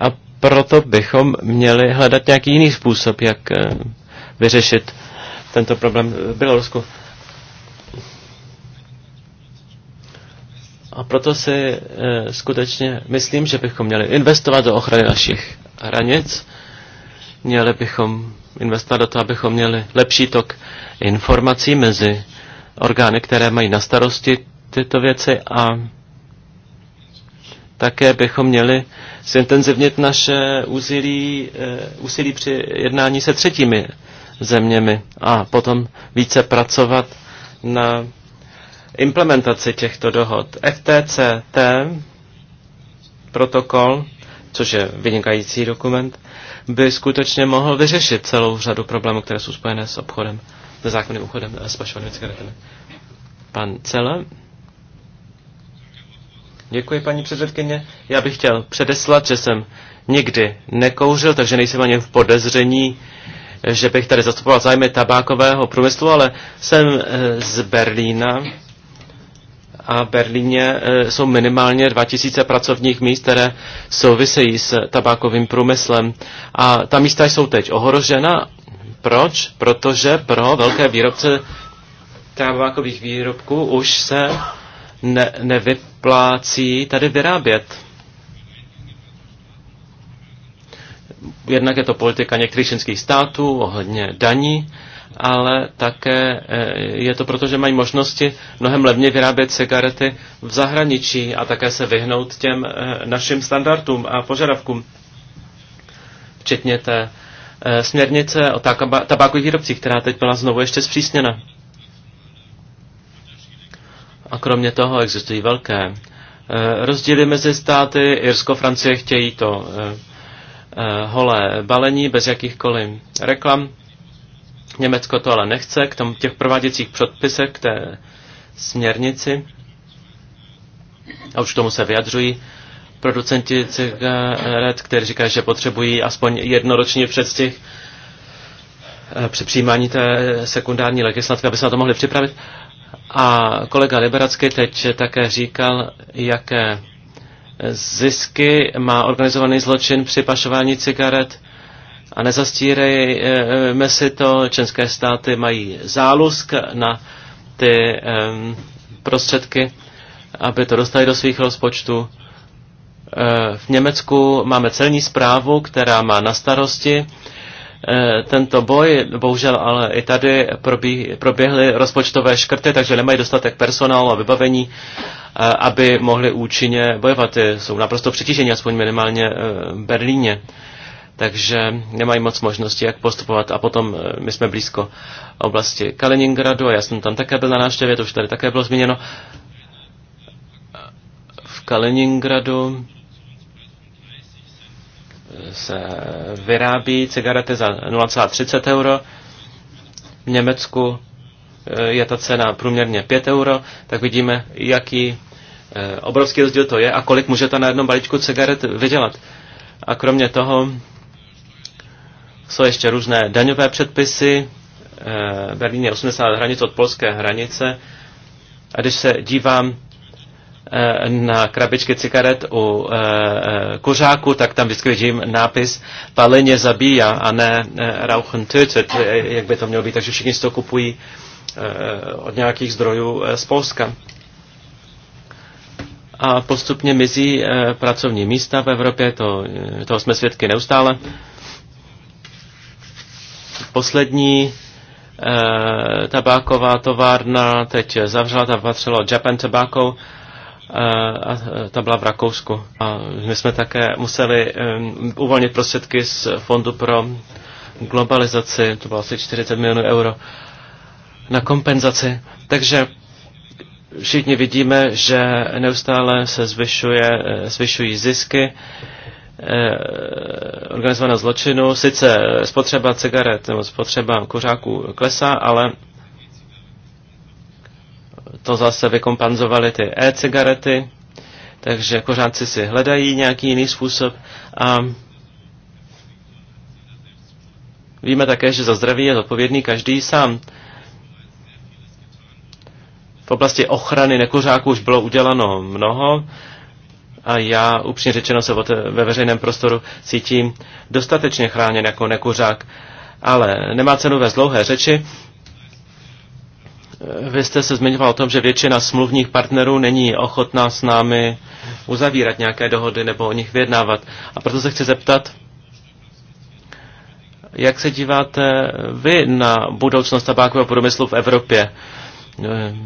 Speaker 1: A proto bychom měli hledat nějaký jiný způsob, jak eh, vyřešit tento problém v Bělorusku. A proto si e, skutečně myslím, že bychom měli investovat do ochrany našich hranic, měli bychom investovat do toho, abychom měli lepší tok informací mezi orgány, které mají na starosti tyto věci a také bychom měli zintenzivnit naše úsilí, eh, úsilí při jednání se třetími zeměmi a potom více pracovat na implementaci těchto dohod. FTCT, protokol, což je vynikající dokument, by skutečně mohl vyřešit celou řadu problémů, které jsou spojené s obchodem, s zákonným obchodem s pašovanými cigaretami. Pan Cele. Děkuji, paní předsedkyně. Já bych chtěl předeslat, že jsem nikdy nekouřil, takže nejsem ani v podezření, že bych tady zastupoval zájmy tabákového průmyslu, ale jsem eh, z Berlína a Berlíně eh, jsou minimálně 2000 pracovních míst, které souvisejí s tabákovým průmyslem. A ta místa jsou teď ohrožena. Proč? Protože pro velké výrobce tabákových výrobků už se ne, nevyplácí tady vyrábět. Jednak je to politika některých členských států ohledně daní, ale také eh, je to proto, že mají možnosti mnohem levně vyrábět cigarety v zahraničí a také se vyhnout těm eh, našim standardům a požadavkům, včetně té eh, směrnice o tabákových výrobcích, která teď byla znovu ještě zpřísněna. A kromě toho existují velké rozdíly mezi státy. Irsko, Francie chtějí to holé balení bez jakýchkoliv reklam Německo to ale nechce k tomu těch prováděcích předpisech k té směrnici. A už k tomu se vyjadřují producenti cigaret, kteří říkají, že potřebují aspoň jednoroční předstih eh, při přijímání té sekundární legislativy, aby se na to mohli připravit. A kolega Liberacký teď také říkal, jaké zisky má organizovaný zločin při pašování cigaret a nezastírejme si to, české státy mají zálusk na ty prostředky, aby to dostali do svých rozpočtů. V Německu máme celní zprávu, která má na starosti tento boj. Bohužel ale i tady proběhly rozpočtové škrty, takže nemají dostatek personálu a vybavení, aby mohli účinně bojovat. Jsou naprosto přetíženi, aspoň minimálně v Berlíně takže nemají moc možnosti, jak postupovat. A potom eh, my jsme blízko oblasti Kaliningradu a já jsem tam také byl na návštěvě, to už tady také bylo zmíněno. V Kaliningradu eh, se vyrábí cigarety za 0,30 euro. V Německu eh, je ta cena průměrně 5 euro, tak vidíme, jaký obrovský rozdíl to je a kolik můžete na jednom balíčku cigaret vydělat. A kromě toho jsou ještě různé daňové předpisy. Eh, Berlín je 80 hranic od polské hranice. A když se dívám eh, na krabičky cigaret u eh, kuřáku, tak tam vždycky vidím nápis paleně zabíja a ne rauchen tötet, jak by to mělo být, takže všichni si to kupují od nějakých zdrojů z Polska. A postupně mizí pracovní místa v Evropě, to, toho jsme svědky neustále. Poslední e, tabáková továrna teď zavřela, ta patřila Japan Tobacco eh, a ta byla v Rakousku. A my jsme také museli um, uvolnit prostředky z Fondu pro globalizaci, to bylo asi 40 milionů euro, na kompenzaci. Takže všichni vidíme, že neustále se zvyšuje, zvyšují zisky Eh, organizovaného zločinu. Sice spotřeba cigaret nebo spotřeba kuřáků klesá, ale to zase vykompanzovaly ty e-cigarety, takže kuřáci si hledají nějaký jiný způsob a víme také, že za zdraví je zodpovědný každý sám. V oblasti ochrany nekuřáků už bylo udělano mnoho a já upřímně řečeno se ve veřejném prostoru cítím dostatečně chráněn jako nekuřák. Ale nemá cenu ve dlouhé řeči. Vy jste se zmiňoval o tom, že většina smluvních partnerů není ochotná s námi uzavírat nějaké dohody nebo o nich vyjednávat. A proto se chci zeptat, jak se díváte vy na budoucnost tabákového průmyslu v Evropě?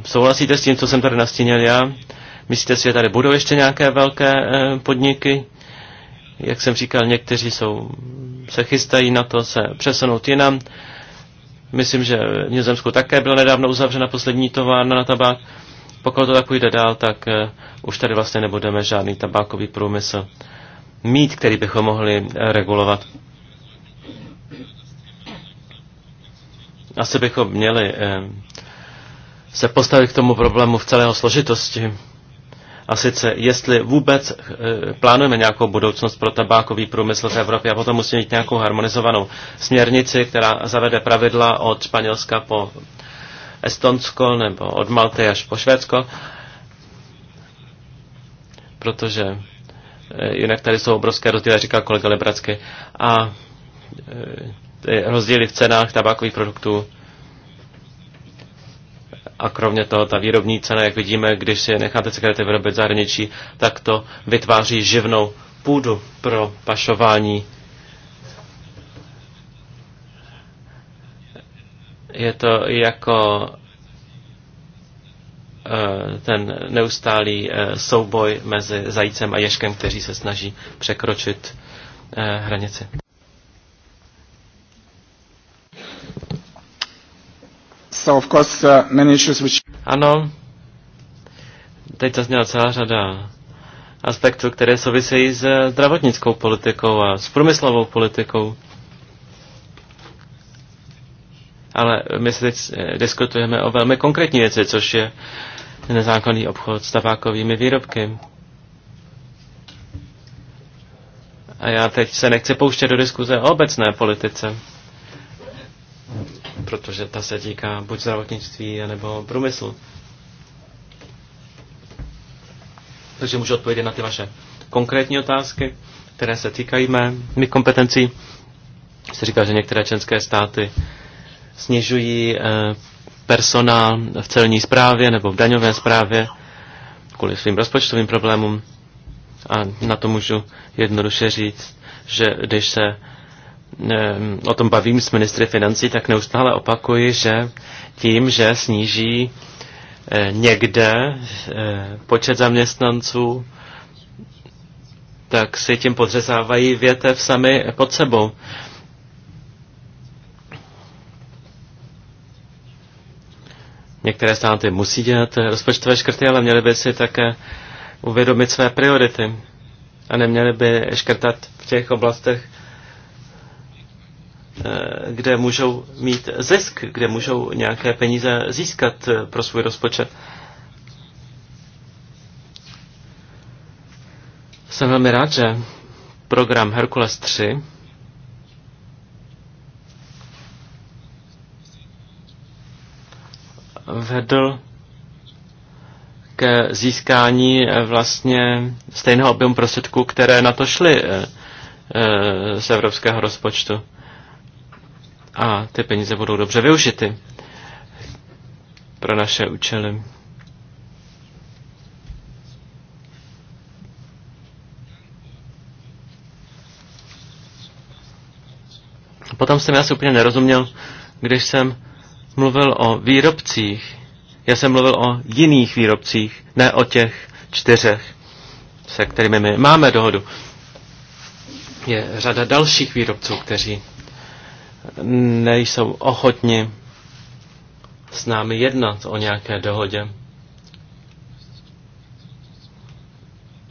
Speaker 1: Souhlasíte s tím, co jsem tady nastínil já? Myslíte si, že tady budou ještě nějaké velké eh, podniky? Jak jsem říkal, někteří jsou, se chystají na to se přesunout jinam. Myslím, že v Nizozemsku také byla nedávno uzavřena poslední továrna na tabák. Pokud to tak půjde dál, tak eh, už tady vlastně nebudeme žádný tabákový průmysl mít, který bychom mohli eh, regulovat. Asi bychom měli se postavit k tomu problému v celého složitosti a sice jestli vůbec eh, plánujeme nějakou budoucnost pro tabákový průmysl v Evropě a potom musíme mít nějakou harmonizovanou směrnici, která zavede pravidla od Španělska po Estonsko nebo od Malty až po Švédsko, protože eh, jinak tady jsou obrovské rozdíly, říká kolega Lebracky. A eh, rozdíly v cenách tabákových produktů a kromě toho ta výrobní cena, jak vidíme, když si necháte cigarety vyrobit zahraničí, tak to vytváří živnou půdu pro pašování. Je to jako eh, ten neustálý eh, souboj mezi zajícem a ježkem, kteří se snaží překročit eh, hranici. So of course, uh, many issues which... Ano, teď zazněla celá řada aspektů, které souvisejí s eh, zdravotnickou politikou a s průmyslovou politikou. Ale my se teď eh, diskutujeme o velmi konkrétní věci, což je nezákonný obchod s tabákovými výrobky. A já teď se nechci pouštět do diskuze o obecné politice protože ta se týká buď zdravotnictví, nebo průmyslu. Takže můžu odpovědět na ty vaše konkrétní otázky, které se týkají mé, mých kompetencí. Se říká, že některé členské státy snižují eh, personál v celní správě nebo v daňové správě kvůli svým rozpočtovým problémům. A na to můžu jednoduše říct, že když se Eh, o tom bavím s ministry financí, tak neustále opakuji, že tím, že sníží eh, někde eh, počet zaměstnanců, tak si tím podřezávají větev sami pod sebou. Některé státy musí dělat rozpočtové škrty, ale měly by si také uvědomit své priority a neměly by škrtat v těch oblastech, Eh, kde můžou mít zisk, kde můžou nějaké peníze získat eh, pro svůj rozpočet. Jsem velmi rád, že program Herkules 3 vedl ke získání eh, vlastně stejného objemu prostředků, které na to šly z evropského rozpočtu a ty peníze budou dobře využity pro naše účely. Potom jsem já si úplně nerozuměl, když jsem mluvil o výrobcích. Já jsem mluvil o jiných výrobcích, ne o těch čtyřech, se kterými my máme dohodu. Je řada dalších výrobců, kteří nejsou ochotni s námi jednat o nějaké dohodě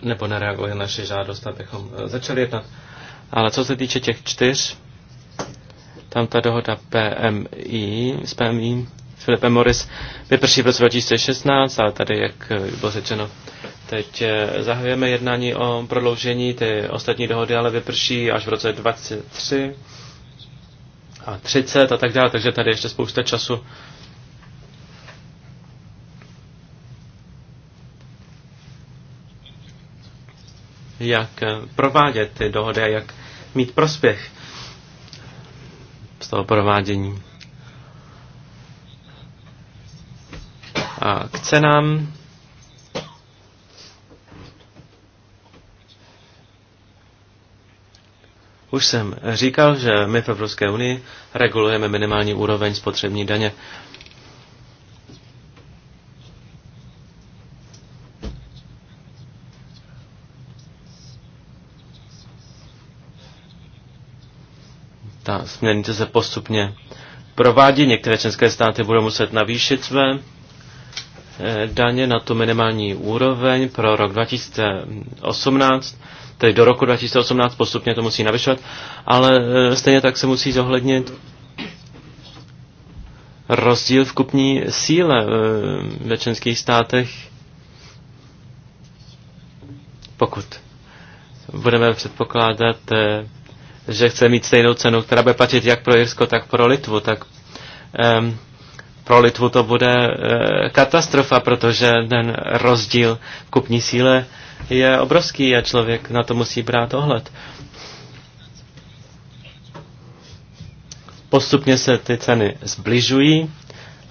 Speaker 1: nebo nereaguje naše žádost, abychom eh, začali jednat. Ale co se týče těch čtyř, tam ta dohoda PMI, s PMI, s Morris, vyprší v roce 2016, ale tady, jak eh, bylo řečeno, teď eh, zahajujeme jednání o prodloužení, ty ostatní dohody ale vyprší až v roce 2023 a 30 a tak dále, takže tady ještě spousta času. Jak eh, provádět ty dohody a jak mít prospěch z toho provádění. A k cenám Už jsem říkal, že my v Evropské unii regulujeme minimální úroveň spotřební daně. Ta směrnice se postupně provádí. Některé české státy budou muset navýšit své daně na tu minimální úroveň pro rok 2018, tedy do roku 2018 postupně to musí navyšovat, ale e, stejně tak se musí zohlednit rozdíl v kupní síle e, ve členských státech, pokud budeme předpokládat, e, že chce mít stejnou cenu, která bude platit jak pro Jirsko, tak pro Litvu, tak um, pro Litvu to bude eh, katastrofa, protože ten rozdíl kupní síle je obrovský a člověk na to musí brát ohled. Postupně se ty ceny zbližují,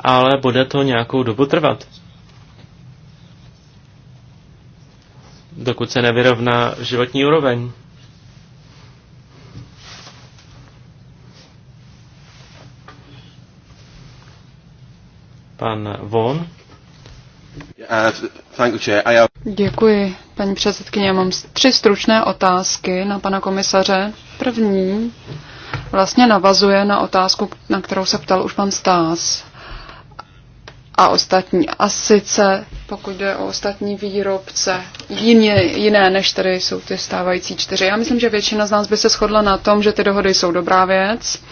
Speaker 1: ale bude to nějakou dobu trvat. Dokud se nevyrovná životní úroveň Pan Von.
Speaker 2: Děkuji, paní předsedkyně. mám tři stručné otázky na pana komisaře. První vlastně navazuje na otázku, na kterou se ptal už pan Stás a ostatní. A sice, pokud jde o ostatní výrobce, jiné, jiné než tedy jsou ty stávající čtyři. Já myslím, že většina z nás by se shodla na tom, že ty dohody jsou dobrá věc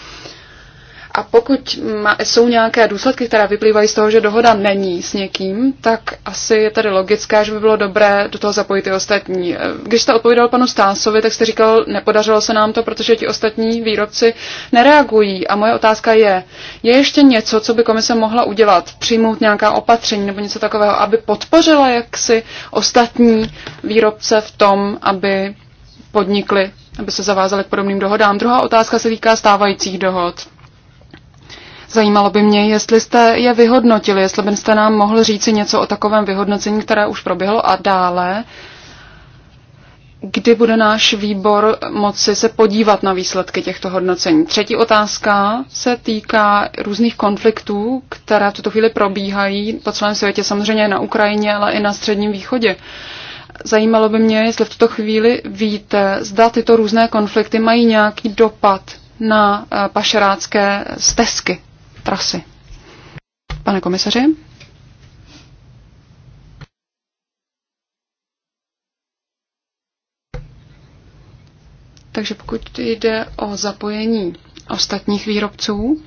Speaker 2: a pokud jsou nějaké důsledky, které vyplývají z toho, že dohoda není s někým, tak asi je tady logické, že by bylo dobré do toho zapojit i ostatní. Eh, Když jste odpovídal panu Stásovi, tak jste říkal, nepodařilo se nám to, protože ti ostatní výrobci nereagují. A moje otázka je, je ještě něco, co by komise mohla udělat? Přijmout nějaká opatření nebo něco takového, aby podpořila jaksi ostatní výrobce v tom, aby podnikli, aby se zavázali k podobným dohodám. Druhá otázka se týká stávajících dohod Zajímalo by mě, jestli jste je vyhodnotili, jestli byste nám mohl říci něco o takovém vyhodnocení, které už proběhlo a dále, kdy bude náš výbor moci se podívat na výsledky těchto hodnocení. Třetí otázka se týká různých konfliktů, které v tuto chvíli probíhají po celém světě, samozřejmě na Ukrajině, ale i na Středním východě. Zajímalo by mě, jestli v tuto chvíli víte, zda tyto různé konflikty mají nějaký dopad na eh, pašerácké stezky trasy. Pane komisaři? Takže pokud jde o zapojení ostatních výrobců,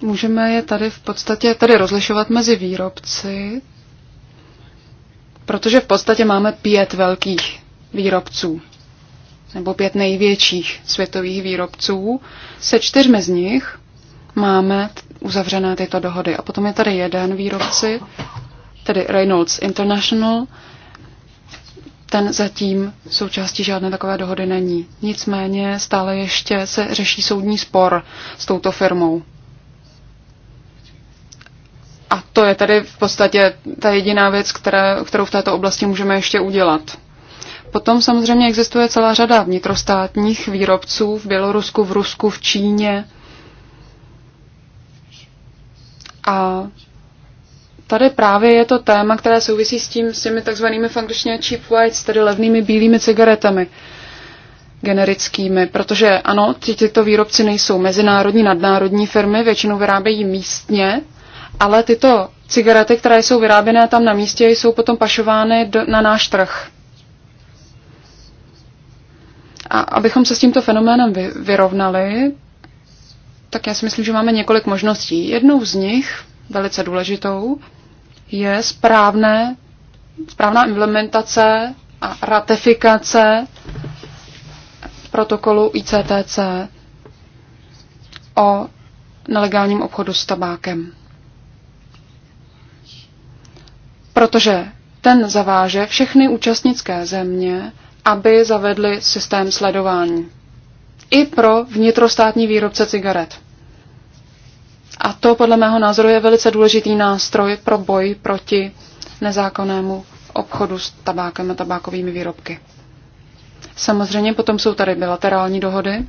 Speaker 2: můžeme je tady v podstatě tady rozlišovat mezi výrobci, protože v podstatě máme pět velkých výrobců nebo pět největších světových výrobců. Se čtyřmi z nich máme uzavřené tyto dohody. A potom je tady jeden výrobci, tedy Reynolds International, ten zatím součástí žádné takové dohody není. Nicméně stále ještě se řeší soudní spor s touto firmou. A to je tady v podstatě ta jediná věc, které, kterou v této oblasti můžeme ještě udělat. Potom samozřejmě existuje celá řada vnitrostátních výrobců v Bělorusku, v Rusku, v Číně. A tady právě je to téma, které souvisí s tím, s těmi takzvanými funkčně cheap whites, tedy levnými bílými cigaretami generickými, protože ano, ty, tyto výrobci nejsou mezinárodní, nadnárodní firmy, většinou vyrábějí místně, ale tyto cigarety, které jsou vyráběné tam na místě, jsou potom pašovány do, na náš trh. A abychom se s tímto fenoménem vy, vyrovnali, tak já si myslím, že máme několik možností. Jednou z nich, velice důležitou, je správné, správná implementace a ratifikace protokolu ICTC o nelegálním obchodu s tabákem. Protože ten zaváže všechny účastnické země aby zavedli systém sledování. I pro vnitrostátní výrobce cigaret. A to podle mého názoru je velice důležitý nástroj pro boj proti nezákonnému obchodu s tabákem a tabákovými výrobky. Samozřejmě potom jsou tady bilaterální dohody.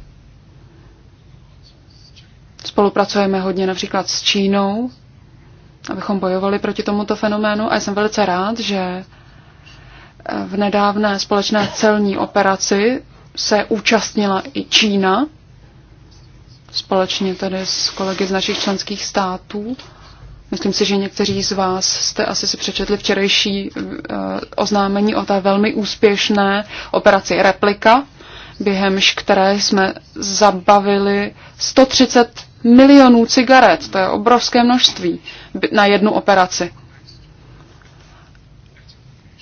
Speaker 2: Spolupracujeme hodně například s Čínou, abychom bojovali proti tomuto fenoménu a jsem velice rád, že v nedávné společné celní operaci se účastnila i Čína, společně tedy s kolegy z našich členských států. Myslím si, že někteří z vás jste asi si přečetli včerejší eh, oznámení o té velmi úspěšné operaci Replika, běhemž které jsme zabavili 130 milionů cigaret. To je obrovské množství na jednu operaci.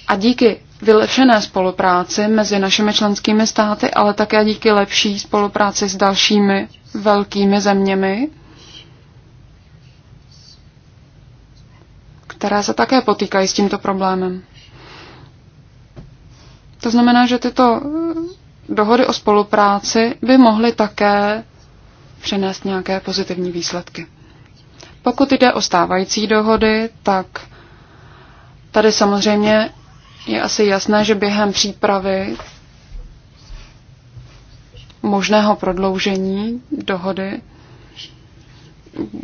Speaker 2: A díky vylepšené spolupráci mezi našimi členskými státy, ale také díky lepší spolupráci s dalšími velkými zeměmi, které se také potýkají s tímto problémem. To znamená, že tyto dohody o spolupráci by mohly také přinést nějaké pozitivní výsledky. Pokud jde o stávající dohody, tak tady samozřejmě je asi jasné, že během přípravy možného prodloužení dohody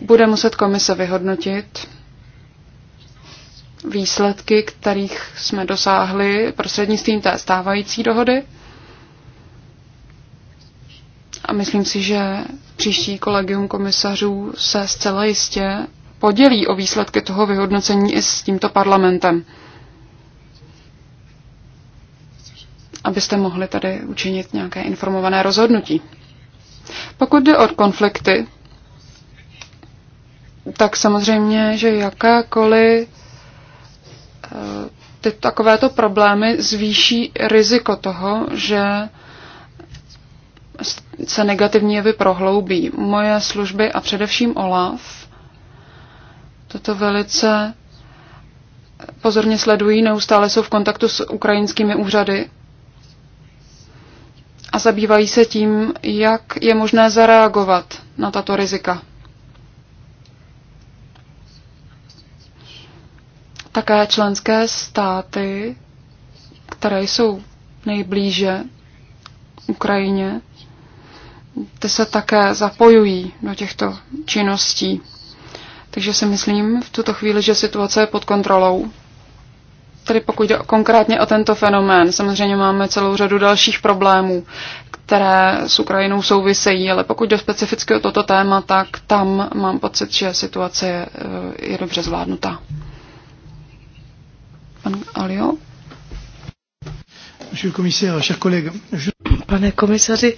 Speaker 2: bude muset komise vyhodnotit výsledky, kterých jsme dosáhli prostřednictvím té stávající dohody. A myslím si, že příští kolegium komisařů se zcela jistě podělí o výsledky toho vyhodnocení i s tímto parlamentem. abyste mohli tady učinit nějaké informované rozhodnutí. Pokud jde o konflikty, tak samozřejmě, že jakékoliv eh, ty takovéto problémy zvýší riziko toho, že se negativní jevy prohloubí. Moje služby a především OLAF toto velice pozorně sledují, neustále jsou v kontaktu s ukrajinskými úřady a zabývají se tím, jak je možné zareagovat na tato rizika. Také členské státy, které jsou nejblíže Ukrajině, ty se také zapojují do těchto činností. Takže si myslím v tuto chvíli, že situace je pod kontrolou tedy pokud jde konkrétně o tento fenomén, samozřejmě máme celou řadu dalších problémů, které s Ukrajinou souvisejí, ale pokud jde specificky o toto téma, tak tam mám pocit, že situace je, eh, je dobře zvládnutá. Pan Alio?
Speaker 3: Pane komisaři,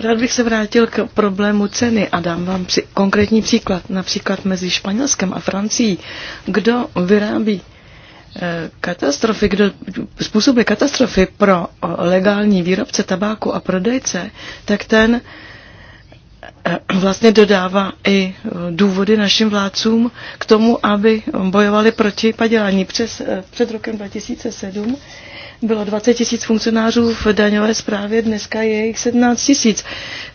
Speaker 3: rád bych se vrátil k problému ceny a dám vám při, konkrétní příklad, například mezi Španělskem a Francií. Kdo vyrábí Eh, katastrofy, kdo způsobuje katastrofy pro legální výrobce tabáku a prodejce, tak ten eh, vlastně dodává i eh, důvody našim vládcům k tomu, aby bojovali proti padělání. Přes, před rokem 2007 bylo 20 tisíc funkcionářů v daňové správě, dneska je jich 17 tisíc.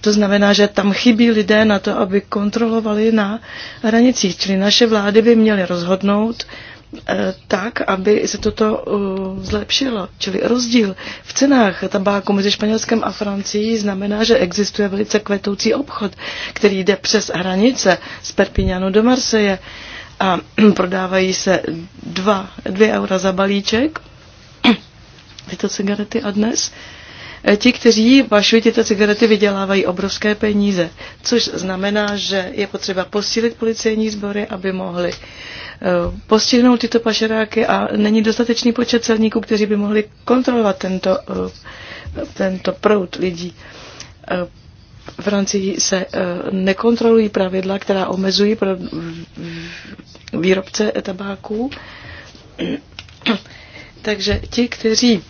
Speaker 3: To znamená, že tam chybí lidé na to, aby kontrolovali na hranicích. Čili naše vlády by měly rozhodnout, Eh, tak, aby se toto eh, zlepšilo. Čili rozdíl v cenách tabáku mezi Španělskem a Francií znamená, že existuje velice kvetoucí obchod, který jde přes hranice z Perpignanu do Marseje a prodávají se dvě eura za balíček tyto cigarety a dnes ti, kteří vašují tyto cigarety, vydělávají obrovské peníze, což znamená, že je potřeba posílit policejní sbory, aby mohli eh, postihnout tyto pašeráky a není dostatečný počet celníků, kteří by mohli kontrolovat tento, eh, tento proud lidí. Eh, v Francii se nekontrolují pravidla, která omezují pro výrobce tabáků. Takže ti, kteří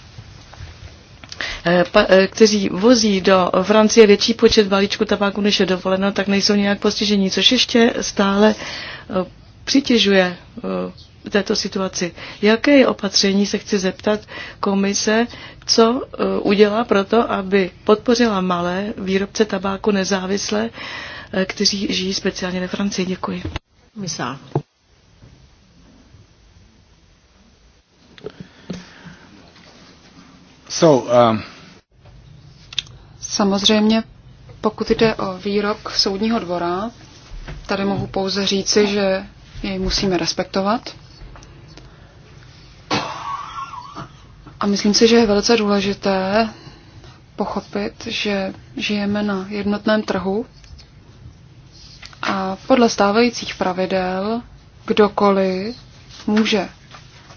Speaker 3: Eh, eh, kteří vozí do Francie větší počet balíčků tabáku, než je dovoleno, tak nejsou nějak postižení, což ještě stále eh, přitěžuje této situaci. Jaké je opatření, se chci zeptat komise, co udělá pro to, aby podpořila malé výrobce tabáku nezávisle, kteří žijí speciálně ve Francii. Děkuji.
Speaker 2: So, um... Samozřejmě, pokud jde o výrok soudního dvora, tady mohu pouze říci, že jej musíme respektovat. A myslím si, že je velice důležité pochopit, že žijeme na jednotném trhu a podle stávajících pravidel kdokoliv může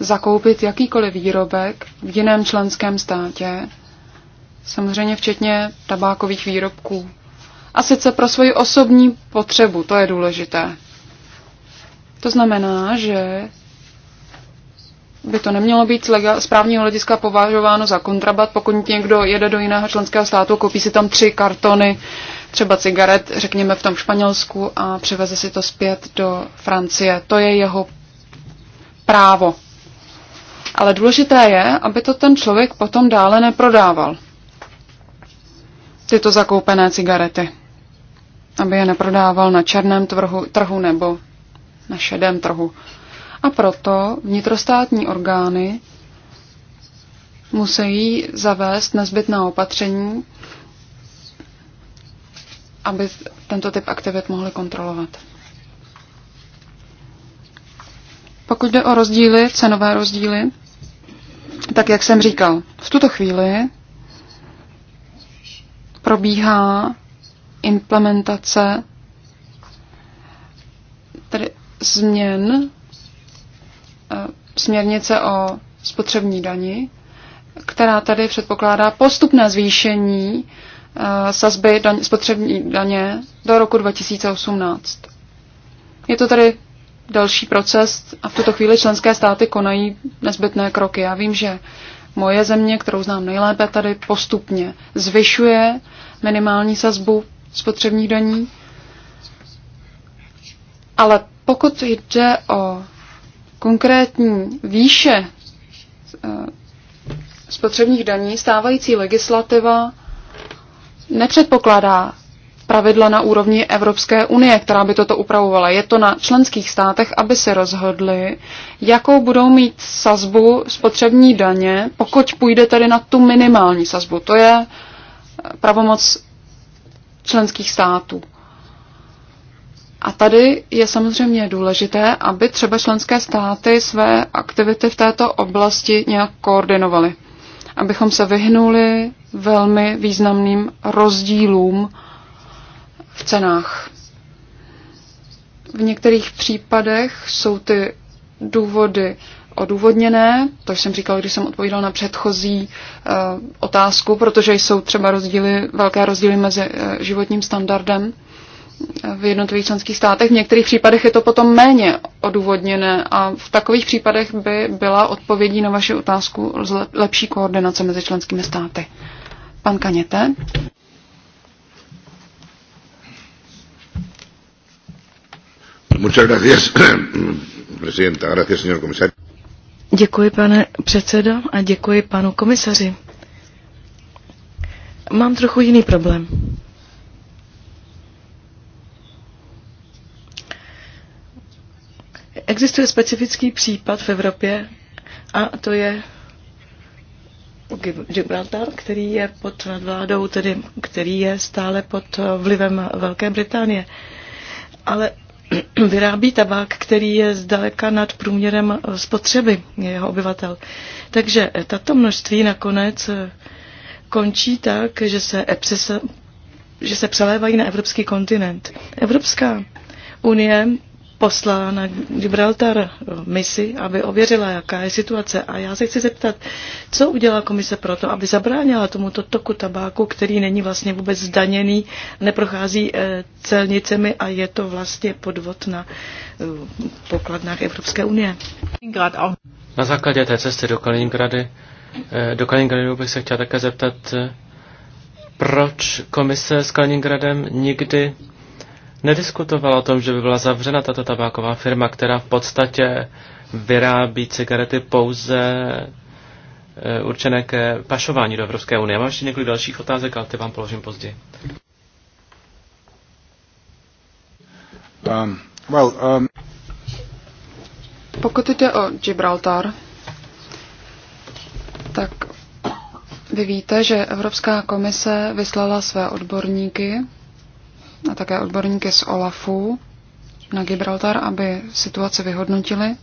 Speaker 2: zakoupit jakýkoliv výrobek v jiném členském státě, samozřejmě včetně tabákových výrobků. A sice pro svoji osobní potřebu, to je důležité. To znamená, že by to nemělo být z právního hlediska považováno za kontrabat, pokud někdo jede do jiného členského státu, koupí si tam tři kartony, třeba cigaret, řekněme v tom Španělsku a přiveze si to zpět do Francie. To je jeho právo. Ale důležité je, aby to ten člověk potom dále neprodával. Tyto zakoupené cigarety. Aby je neprodával na černém trhu, trhu nebo na šedém trhu. A proto vnitrostátní orgány musí zavést nezbytná opatření, aby tento typ aktivit mohli kontrolovat. Pokud jde o rozdíly, cenové rozdíly, tak jak jsem říkal, v tuto chvíli probíhá implementace tedy změn eh, směrnice o spotřební dani, která tady předpokládá postupné zvýšení eh, sazby daň, spotřební daně do roku 2018. Je to tady další proces a v tuto chvíli členské státy konají nezbytné kroky. Já vím, že moje země, kterou znám nejlépe tady, postupně zvyšuje minimální sazbu spotřebních daní. Ale pokud jde o konkrétní výše eh, spotřebních daní, stávající legislativa nepředpokládá pravidla na úrovni Evropské unie, která by toto upravovala. Je to na členských státech, aby se rozhodli, jakou budou mít sazbu spotřební daně, pokud půjde tedy na tu minimální sazbu. To je pravomoc členských států. A tady je samozřejmě důležité, aby třeba členské státy své aktivity v této oblasti nějak koordinovaly, abychom se vyhnuli velmi významným rozdílům v cenách. V některých případech jsou ty důvody odůvodněné, to jsem říkal, když jsem odpovídal na předchozí uh, otázku, protože jsou třeba rozdíly, velké rozdíly mezi uh, životním standardem eh, v jednotlivých členských státech. V některých případech je to potom méně odůvodněné a v takových případech by byla odpovědí na vaši otázku lepší koordinace mezi členskými státy. Pan Kaněte.
Speaker 3: Muchas gracias, presidenta. Gracias, señor comisario. Děkuji, pane předsedo, a děkuji panu komisaři. Mám trochu jiný problém. Existuje specifický případ v Evropě a to je Gibraltar, který je pod vládou, tedy který je stále pod vlivem Velké Británie. Ale vyrábí tabák, který je zdaleka nad průměrem eh, spotřeby jeho obyvatel. Takže eh, tato množství nakonec eh, končí tak, že se, přes, že se přelévají na evropský kontinent. Evropská unie poslala na Gibraltar eh, misi, aby ověřila, jaká je situace. A já se chci zeptat, co udělá komise pro to, aby zabránila tomuto toku tabáku, který není vlastně vůbec zdaněný, neprochází eh, celnicemi a je to vlastně podvod na eh, pokladnách Evropské unie.
Speaker 1: Na základě té cesty do Kaliningrady, do Kaliningradu bych se chtěl také zeptat, proč komise s Kaliningradem nikdy nediskutovala o tom, že by byla zavřena tato tabáková firma, která v podstatě vyrábí cigarety pouze e, určené ke pašování do Evropské unie. Mám ještě několik dalších otázek, ale ty vám položím později.
Speaker 3: Um, well, um...
Speaker 2: Pokud jde o Gibraltar, tak vy víte, že Evropská komise vyslala své odborníky a také odborníky z OLAFu na Gibraltar, aby situaci vyhodnotili.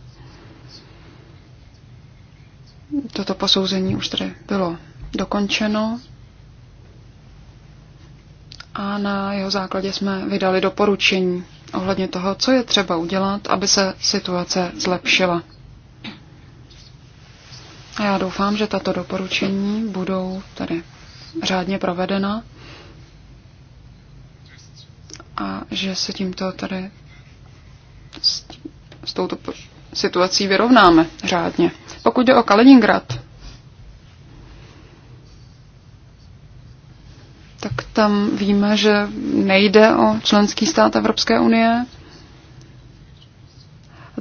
Speaker 2: Toto posouzení už tedy bylo dokončeno a na jeho základě jsme vydali doporučení ohledně toho, co je třeba udělat, aby se situace zlepšila. A já doufám, že tato doporučení budou tady řádně provedena a že se tímto tady s, s touto situací vyrovnáme řádně. Pokud jde o Kaliningrad, tak tam víme, že nejde o členský stát Evropské unie.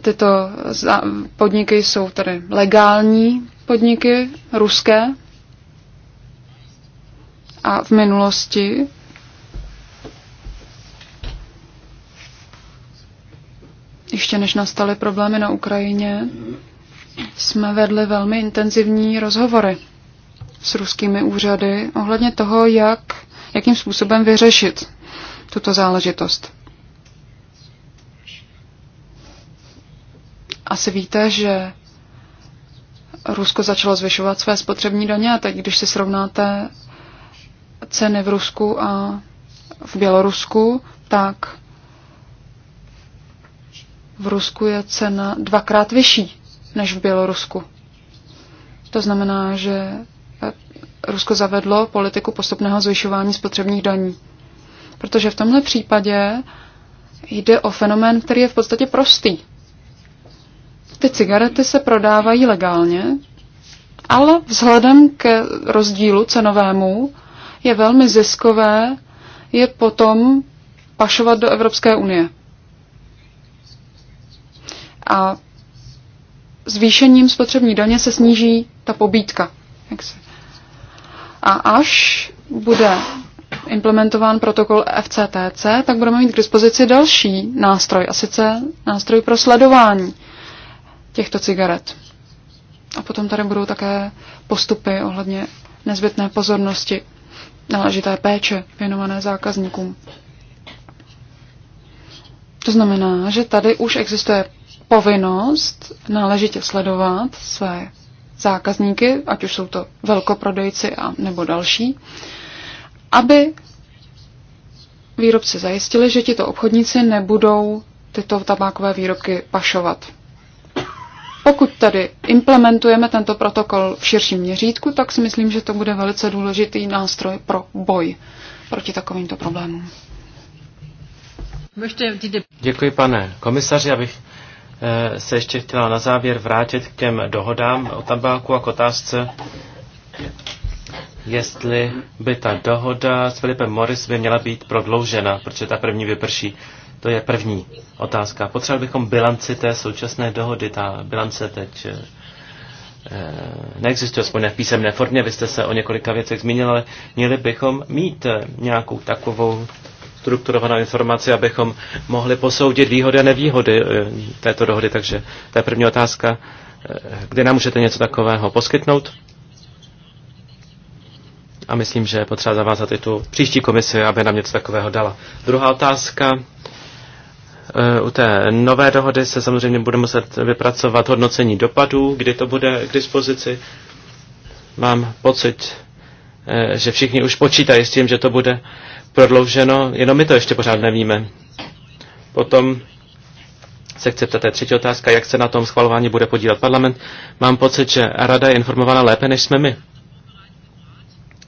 Speaker 2: Tyto podniky jsou tady legální podniky ruské a v minulosti ještě než nastaly problémy na Ukrajině, jsme vedli velmi intenzivní rozhovory s ruskými úřady ohledně toho, jak, jakým způsobem vyřešit tuto záležitost. Asi víte, že Rusko začalo zvyšovat své spotřební daně a teď, když si srovnáte ceny v Rusku a v Bělorusku, tak v Rusku je cena dvakrát vyšší než v Bělorusku. To znamená, že eh, Rusko zavedlo politiku postupného zvyšování spotřebních daní. Protože v tomhle případě jde o fenomén, který je v podstatě prostý. Ty cigarety se prodávají legálně, ale vzhledem k rozdílu cenovému je velmi ziskové je potom pašovat do Evropské unie a zvýšením spotřební daně se sníží ta pobídka. A až bude implementován protokol FCTC, tak budeme mít k dispozici další nástroj, a sice nástroj pro sledování těchto cigaret. A potom tady budou také postupy ohledně nezbytné pozornosti, náležité péče věnované zákazníkům. To znamená, že tady už existuje povinnost náležitě sledovat své zákazníky, ať už jsou to velkoprodejci a nebo další, aby výrobci zajistili, že tito obchodníci nebudou tyto tabákové výrobky pašovat. Pokud tady implementujeme tento protokol v širším měřítku, tak si myslím, že to bude velice důležitý nástroj pro boj proti takovýmto problémům.
Speaker 1: Děkuji, pane komisaři. abych. Eh, se ještě chtěla na závěr vrátit k těm dohodám o tabáku a k otázce, jestli by ta dohoda s Filipem Morris by měla být prodloužena, protože ta první vyprší. To je první otázka. Potřebovali bychom bilanci té současné dohody. Ta bilance teď eh, eh, neexistuje, aspoň ne v písemné formě, vy jste se o několika věcech zmínil, ale měli bychom mít nějakou takovou strukturovanou informaci, abychom mohli posoudit výhody a nevýhody eh, této dohody. Takže to je první otázka. Eh, kdy nám můžete něco takového poskytnout? A myslím, že je potřeba zavázat i tu příští komisi, aby nám něco takového dala. Druhá otázka. Eh, u té nové dohody se samozřejmě bude muset vypracovat hodnocení dopadů, kdy to bude k dispozici. Mám pocit, že všichni už počítají s tím, že to bude prodlouženo, jenom my to ještě pořád nevíme. Potom se chce ptát třetí otázka, jak se na tom schvalování bude podílet parlament. Mám pocit, že rada je informována lépe, než jsme my.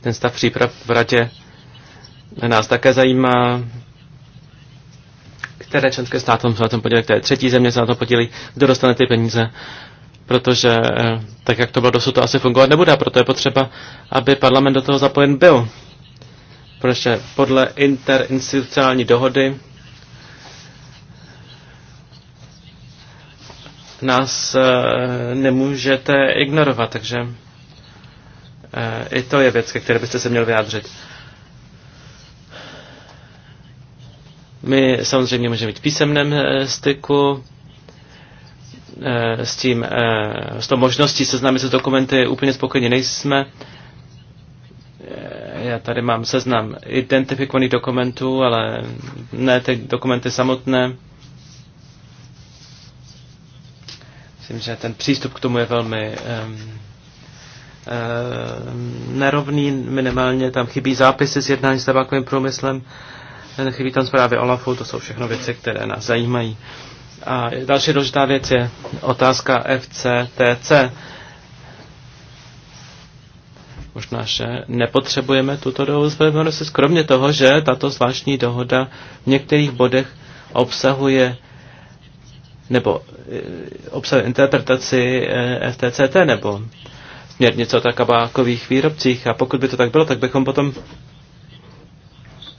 Speaker 1: Ten stav příprav v radě nás také zajímá, které členské státy se na tom podílí, které třetí země se na tom podílí, kdo dostane ty peníze, protože eh, tak, jak to bylo dosud, to asi fungovat nebude, proto je potřeba, aby parlament do toho zapojen byl protože podle interinstitucionální dohody nás eh, nemůžete ignorovat, takže eh, i to je věc, ke které byste se měl vyjádřit. My samozřejmě můžeme být v písemném eh, styku s tím, s tou možností seznámit se s dokumenty úplně spokojeni nejsme. Já tady mám seznam identifikovaných dokumentů, ale ne ty dokumenty samotné. Myslím, že ten přístup k tomu je velmi um, um, nerovný. Minimálně tam chybí zápisy z jednání s tabákovým průmyslem, chybí tam zprávy OLAFu, to jsou všechno věci, které nás zajímají. A další důležitá věc je otázka FCTC Možná, že nepotřebujeme tuto dohodu spravedlnosti, kromě toho, že tato zvláštní dohoda v některých bodech obsahuje nebo eh, obsahuje interpretaci eh, FTCT nebo směrnice o tabákových výrobcích. A pokud by to tak bylo, tak bychom potom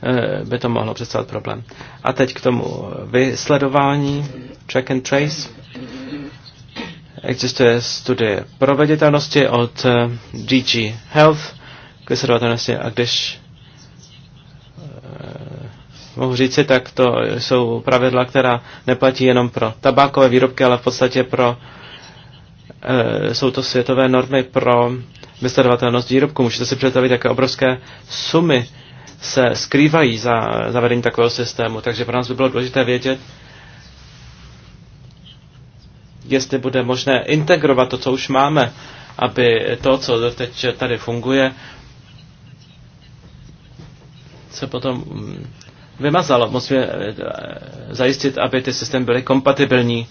Speaker 1: eh, by to mohlo představit problém. A teď k tomu vysledování, check and trace. Existuje studie proveditelnosti od eh, DG Health k vysledovatelnosti a když eh, mohu říci, tak to jsou pravidla, která neplatí jenom pro tabákové výrobky, ale v podstatě pro eh, jsou to světové normy pro vysledovatelnost výrobku. Můžete si představit, jaké obrovské sumy se skrývají za zavedení takového systému. Takže pro nás by bylo důležité vědět, jestli bude možné integrovat to, co už máme, aby to, co teď tady funguje, se potom mm, vymazalo. Musíme eh, zajistit, aby ty systémy byly kompatibilní,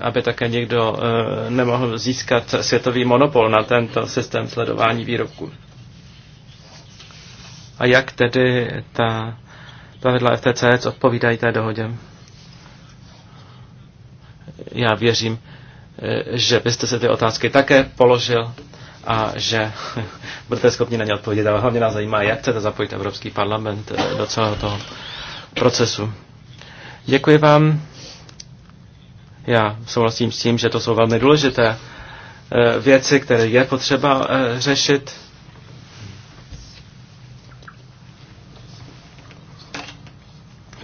Speaker 1: aby také někdo eh, nemohl získat světový monopol na tento systém sledování výrobků. A jak tedy ta pravidla FTC odpovídají té dohodě? já věřím, eh, že byste se ty otázky také položil a že budete schopni na ně odpovědět. Ale hlavně nás zajímá, jak chcete zapojit Evropský parlament eh, do celého toho procesu. Děkuji vám. Já souhlasím s tím, že to jsou velmi důležité eh, věci, které je potřeba řešit.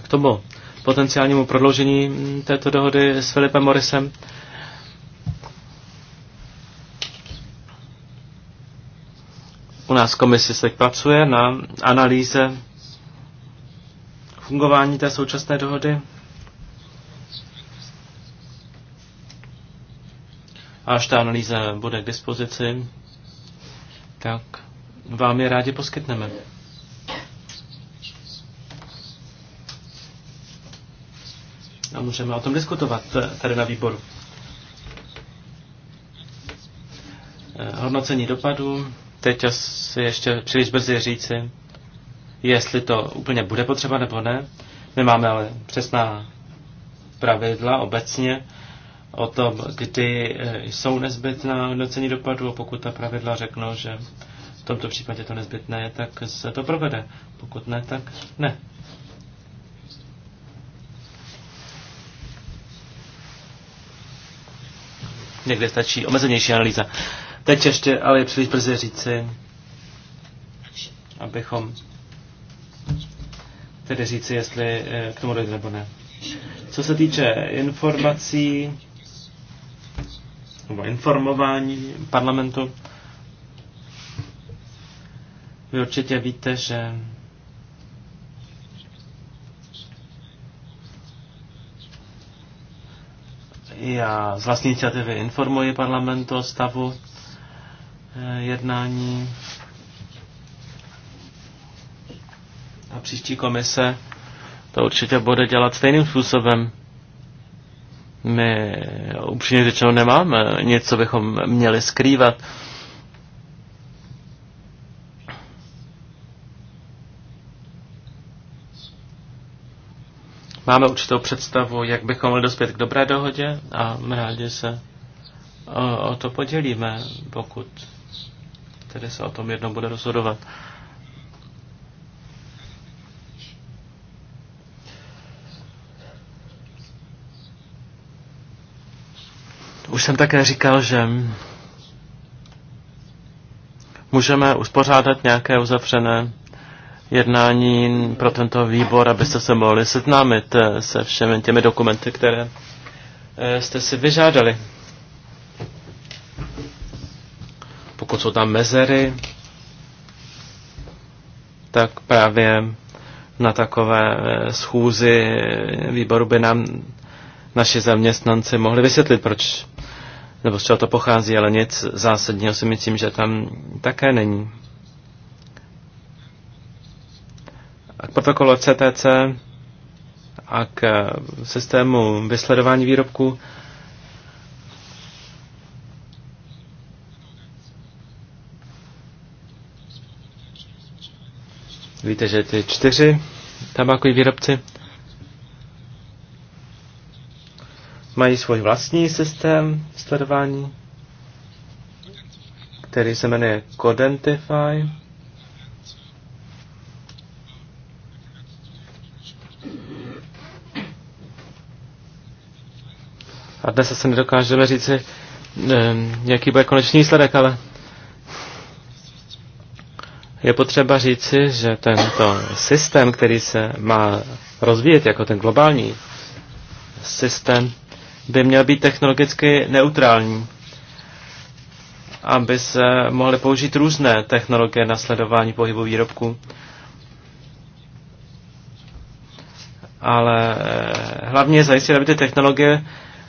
Speaker 1: K tomu potenciálnímu prodloužení mm, této dohody s Filipem Morisem. U nás komise komisi se pracuje na analýze fungování té současné dohody. až ta analýza bude k dispozici, tak vám je rádi poskytneme. a můžeme o tom diskutovat eh, tady na výboru. Eh, hodnocení dopadu. Teď asi ještě příliš brzy říci, jestli to úplně bude potřeba nebo ne. My máme ale přesná pravidla obecně o tom, kdy eh, jsou nezbytná hodnocení dopadu, a pokud ta pravidla řeknou, že v tomto případě to nezbytné je, tak se to provede. Pokud ne, tak ne. Někde stačí omezenější analýza. Teď ještě, ale je příliš brzy říci, abychom tedy říci, jestli eh, k tomu dojde nebo ne. Co se týče informací nebo informování parlamentu, vy určitě víte, že Já z vlastní iniciativy informuji parlament o stavu eh, jednání a příští komise to určitě bude dělat stejným způsobem. My upřímně řečeno nemáme nic, co bychom měli skrývat. máme určitou představu, jak bychom mohli dospět k dobré dohodě a rádi se o, o to podělíme, pokud tedy se o tom jednou bude rozhodovat. Už jsem také říkal, že můžeme uspořádat nějaké uzavřené jednání pro tento výbor, abyste se mohli seznámit eh, se všemi těmi dokumenty, které eh, jste si vyžádali. Pokud jsou tam mezery, tak právě na takové eh, schůzi výboru by nám naši zaměstnanci mohli vysvětlit, proč nebo z čeho to pochází, ale nic zásadního si myslím, že tam také není. a k protokolu CTC a k systému vysledování výrobků. Víte, že ty čtyři tabákoví výrobci mají svůj vlastní systém sledování, který se jmenuje Codentify. dnes se nedokážeme říci, eh, jaký bude konečný výsledek, ale je potřeba říci, že tento systém, který se má rozvíjet jako ten globální systém, by měl být technologicky neutrální, aby se mohly použít různé technologie na sledování pohybu výrobků. Ale eh, hlavně je zajistit, aby ty technologie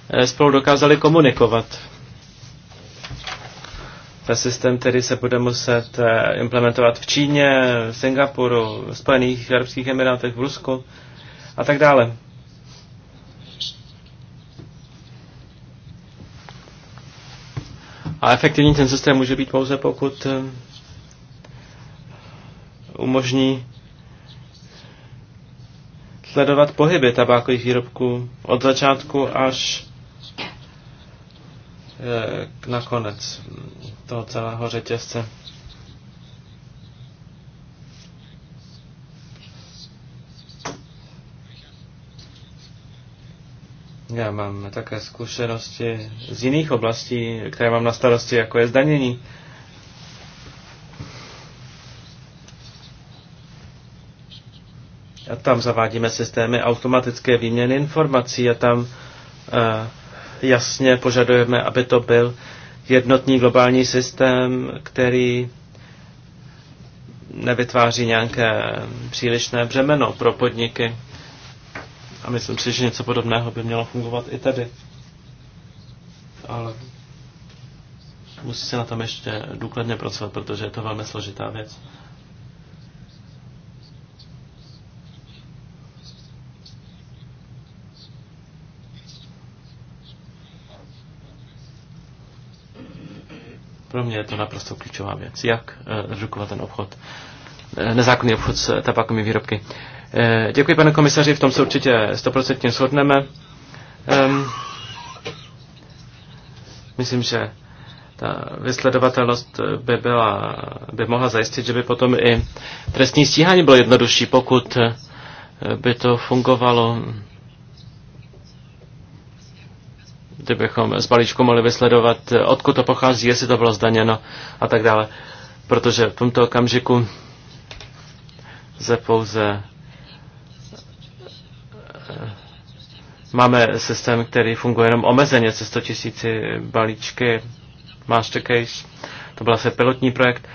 Speaker 1: Eh, spolu dokázali komunikovat. Ten systém tedy se bude muset eh, implementovat v Číně, v Singapuru, v Spojených Arabských Emirátech, v Rusku a tak dále. A efektivní ten systém může být pouze, pokud eh, umožní sledovat pohyby tabákových výrobků od začátku až Eh, na konec toho celého řetězce. Já mám také zkušenosti z jiných oblastí, které mám na starosti, jako je zdanění. A tam zavádíme systémy automatické výměny informací a tam uh, jasně požadujeme, aby to byl jednotný globální systém, který nevytváří nějaké přílišné břemeno pro podniky. A myslím si, že něco podobného by mělo fungovat i tady. Ale musí se na tom ještě důkladně pracovat, protože je to velmi složitá věc. Pro mě je to naprosto klíčová věc, jak eh, redukovat ten obchod, eh, nezákonný obchod s tabakovými výrobky. Eh, děkuji, pane komisaři, v tom se určitě stoprocentně shodneme. Ehm, myslím, že ta vysledovatelnost by, byla, by mohla zajistit, že by potom i trestní stíhání bylo jednodušší, pokud by to fungovalo kdybychom z balíčku mohli vysledovat, odkud to pochází, jestli to bylo zdaněno a tak dále. Protože v tomto okamžiku se pouze eh, máme systém, který funguje jenom omezeně, se 100 000 balíčky, máš to byl asi pilotní projekt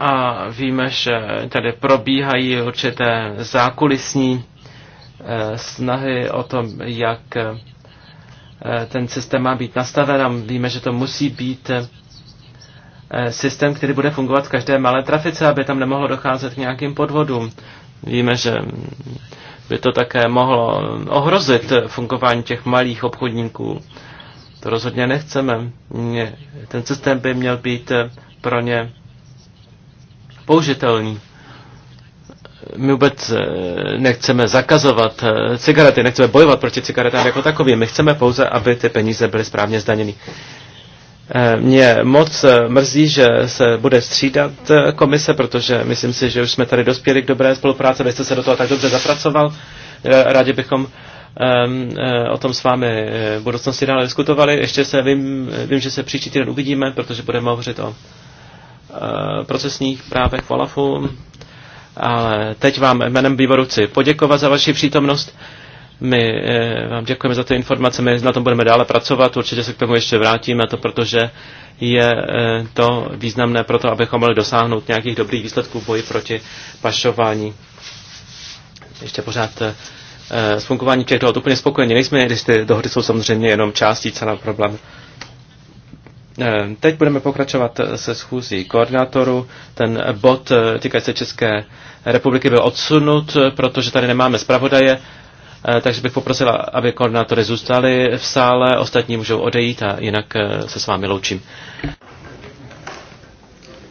Speaker 1: a víme, že tady probíhají určité zákulisní eh, snahy o tom, jak eh, ten systém má být nastaven a víme, že to musí být eh, systém, který bude fungovat v každé malé trafice, aby tam nemohlo docházet k nějakým podvodům. Víme, že by to také mohlo ohrozit fungování těch malých obchodníků. To rozhodně nechceme. Ten systém by měl být pro ně použitelný. My vůbec eh, nechceme zakazovat eh, cigarety, nechceme bojovat proti cigaretám jako takovým. My chceme pouze, aby ty peníze byly správně zdaněny. Eh, mě moc mrzí, že se bude střídat komise, protože myslím si, že už jsme tady dospěli k dobré spolupráci. Vy jste se do toho tak dobře zapracoval. Rádi bychom ehm, o tom s vámi v budoucnosti dále diskutovali. Ještě se vím, vím že se příští týden uvidíme, protože budeme hovořit o Eh, procesních právech v Ale teď vám jménem výboru chci poděkovat za vaši přítomnost. My eh, vám děkujeme za ty informace, my na tom budeme dále pracovat, určitě se k tomu ještě vrátíme, to protože je eh, to významné pro to, abychom mohli dosáhnout nějakých dobrých výsledků v boji proti pašování. Ještě pořád s fungováním těch dohod úplně spokojení nejsme, když ty dohody jsou samozřejmě jenom částí celého problému. Eh, teď budeme pokračovat se schůzí koordinátoru. Ten bod eh, týkající se České republiky byl odsunut, eh, protože tady nemáme zpravodaje, takže bych poprosila, aby koordinátory zůstali v sále, ostatní můžou odejít a jinak se s vámi loučím.